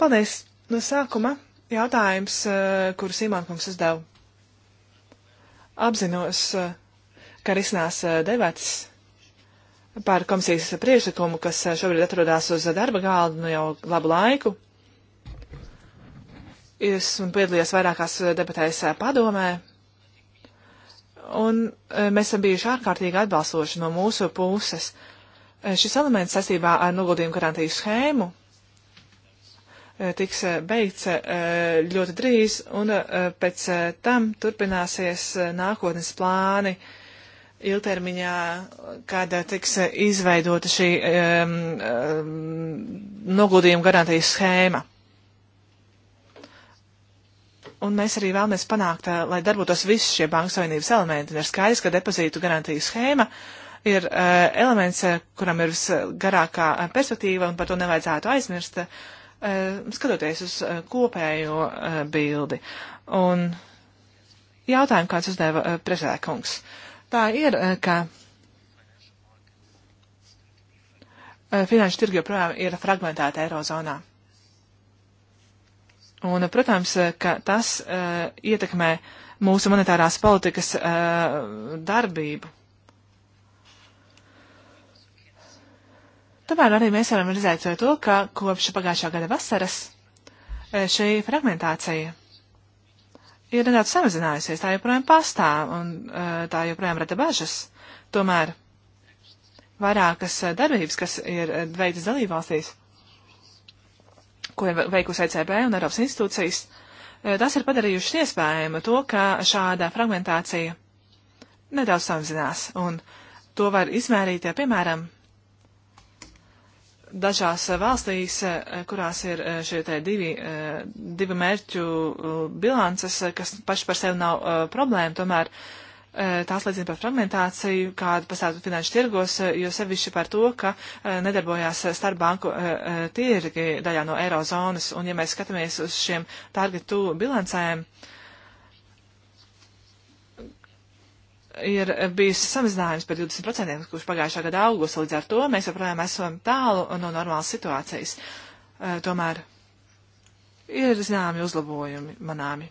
Paldies! No sākuma jautājums, kuru Simānkungs uzdeva. Apzinos, ka risinās debats par komisijas priekšlikumu, kas eh, šobrīd atrodas uz darba galda nu jau labu laiku. Esmu piedalījies vairākās eh, debatēs eh, padomē, un mēs esam bijuši ārkārtīgi atbalstoši no mūsu puses. Šis elements saistībā ar noguldījumu garantiju schēmu tiks beigts ļoti drīz, un pēc tam turpināsies nākotnes plāni ilgtermiņā, kādā tiks izveidota šī um, um, noguldījuma garantijas schēma. Un mēs arī vēlamies panākt, eh, lai darbotos visi šie bankas savienības elementi. Un ir skaidrs, ka depozītu garantijas schēma ir uh, elements, eh, kuram ir visgarākā perspektīva, un par to nevajadzētu aizmirst, uh, skatoties uz uh, kopējo uh, bildi. Un jautājumu kāds uzdeva uh, priekšsēdētājs. Tā ir, eh, ka eh, finanšu tirgi joprojām ir fragmentēti Eirozonā. Un, eh, protams, ka tas uh, ietekmē mūsu monetārās politikas uh, darbību. Tomēr arī mēs varam redzēt to, ka kopš pagājušā gada vasaras šī fragmentācija ir nedaudz samazinājusies, tā joprojām pastāv un eh, tā joprojām rada bažas. Tomēr vairākas eh, darbības, kas ir eh, veiktas dalībvalstīs, ko ir veikusi ECB un Eiropas institūcijas, tas ir padarījušas iespējamu to, ka šāda fragmentācija nedaudz samazinās, un to var izmērīt, ja, piemēram, dažās valstīs, eh, kurās ir eh, šie te divi, eh, divu mērķu bilances, kas paši par sevi nav problēma, tomēr tās liecina par fragmentāciju, kāda pastāv finanšu tirgos, jo sevišķi par to, ka nedarbojās starpbanku tirgi daļā no eirozonas. Un ja mēs skatāmies uz šiem targetu bilancēm, uh, ir bijis samazinājums par 20%, kurš pagājušā gada augustā līdz ar to mēs joprojām esam tālu no normālas situācijas. E, tomēr ir zināmi uzlabojumi manāmi.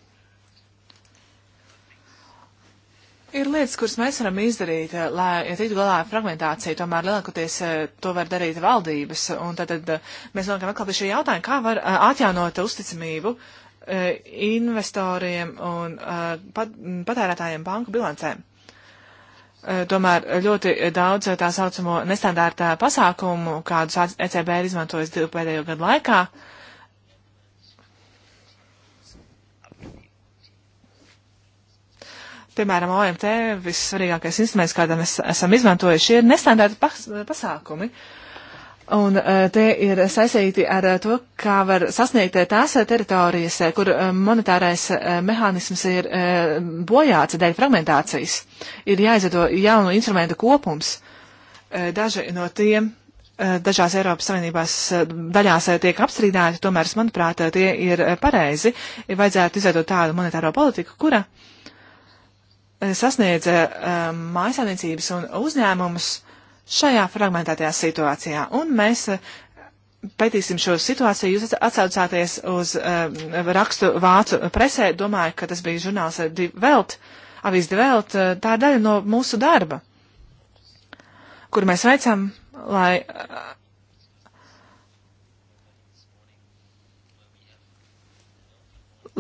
Ir lietas, kuras mēs varam izdarīt, e, lai ja tiktu galā ar fragmentāciju, tomēr lielākoties e, to var darīt valdības. Un tad, tad e, mēs nonākam atkal pie šī jautājuma, kā var atjaunot uzticamību investoriem un patērētājiem banku bilancēm. Eh, tomēr ļoti daudz eh, tā saucamo nestandārtā pasākumu, kādus ECB ir izmantojis pēdējo gadu laikā. Piemēram, OMT vissvarīgākais instruments, kādam mēs esam izmantojuši, ir nestandārta pas pasākumi. Uh, Un eh, te ir saistīti ar eh, to, kā var sasniegt eh, tās teritorijas, kur monetārais mehānisms ir bojāts dēļ fragmentācijas. Ir jāizveido jaunu instrumentu kopums. Daži no tiem dažās Eiropas Savienībās daļās tiek apstrīdēti, tomēr, manuprāt, tie ir pareizi. Vajadzētu izveidot tādu monetāro politiku, kura sasniedz mājasāniecības un uzņēmumus šajā fragmentētajā situācijā. Un mēs eh, pētīsim šo situāciju. Jūs atsaucāties uz uh, rakstu vācu presē. Domāju, ka tas bija žurnāls Divelt, avīz Divelt. Tā ir daļa no mūsu darba, kur mēs veicam, lai. Uh,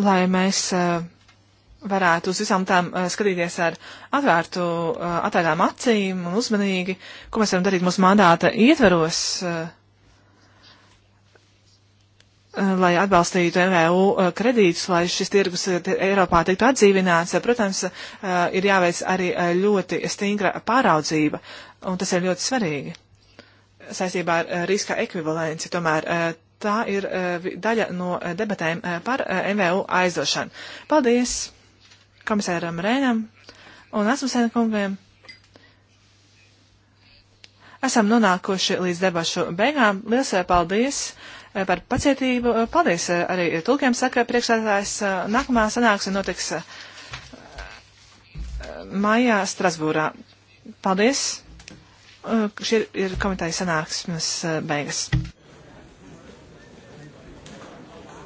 lai mēs uh, varētu uz visām tām eh, skatīties ar atvērtu, eh, atvērtām acīm un uzmanīgi, ko mēs varam darīt mūsu mandāta ietveros, eh, lai atbalstītu MVU kredītus, lai šis tirgus Eiropā tiktu atdzīvināts. Protams, ir jāveic arī ļoti stingra pāraudzība, un tas ir ļoti svarīgi saistībā ar riska ekvivalenci. Tomēr tā ir daļa no debatēm par MVU aizdošanu. Paldies! komisāram Rēnam un Asmusēna kungiem. Esam nonākuši līdz debašu beigām. Lielas eh, paldies eh, par pacietību. Eh, paldies arī tulkiem saka priekšsēdētājs. Nākamā sanāksme notiks maijā Strasbūrā. Paldies! Šie ir komitejas sanāksmes beigas.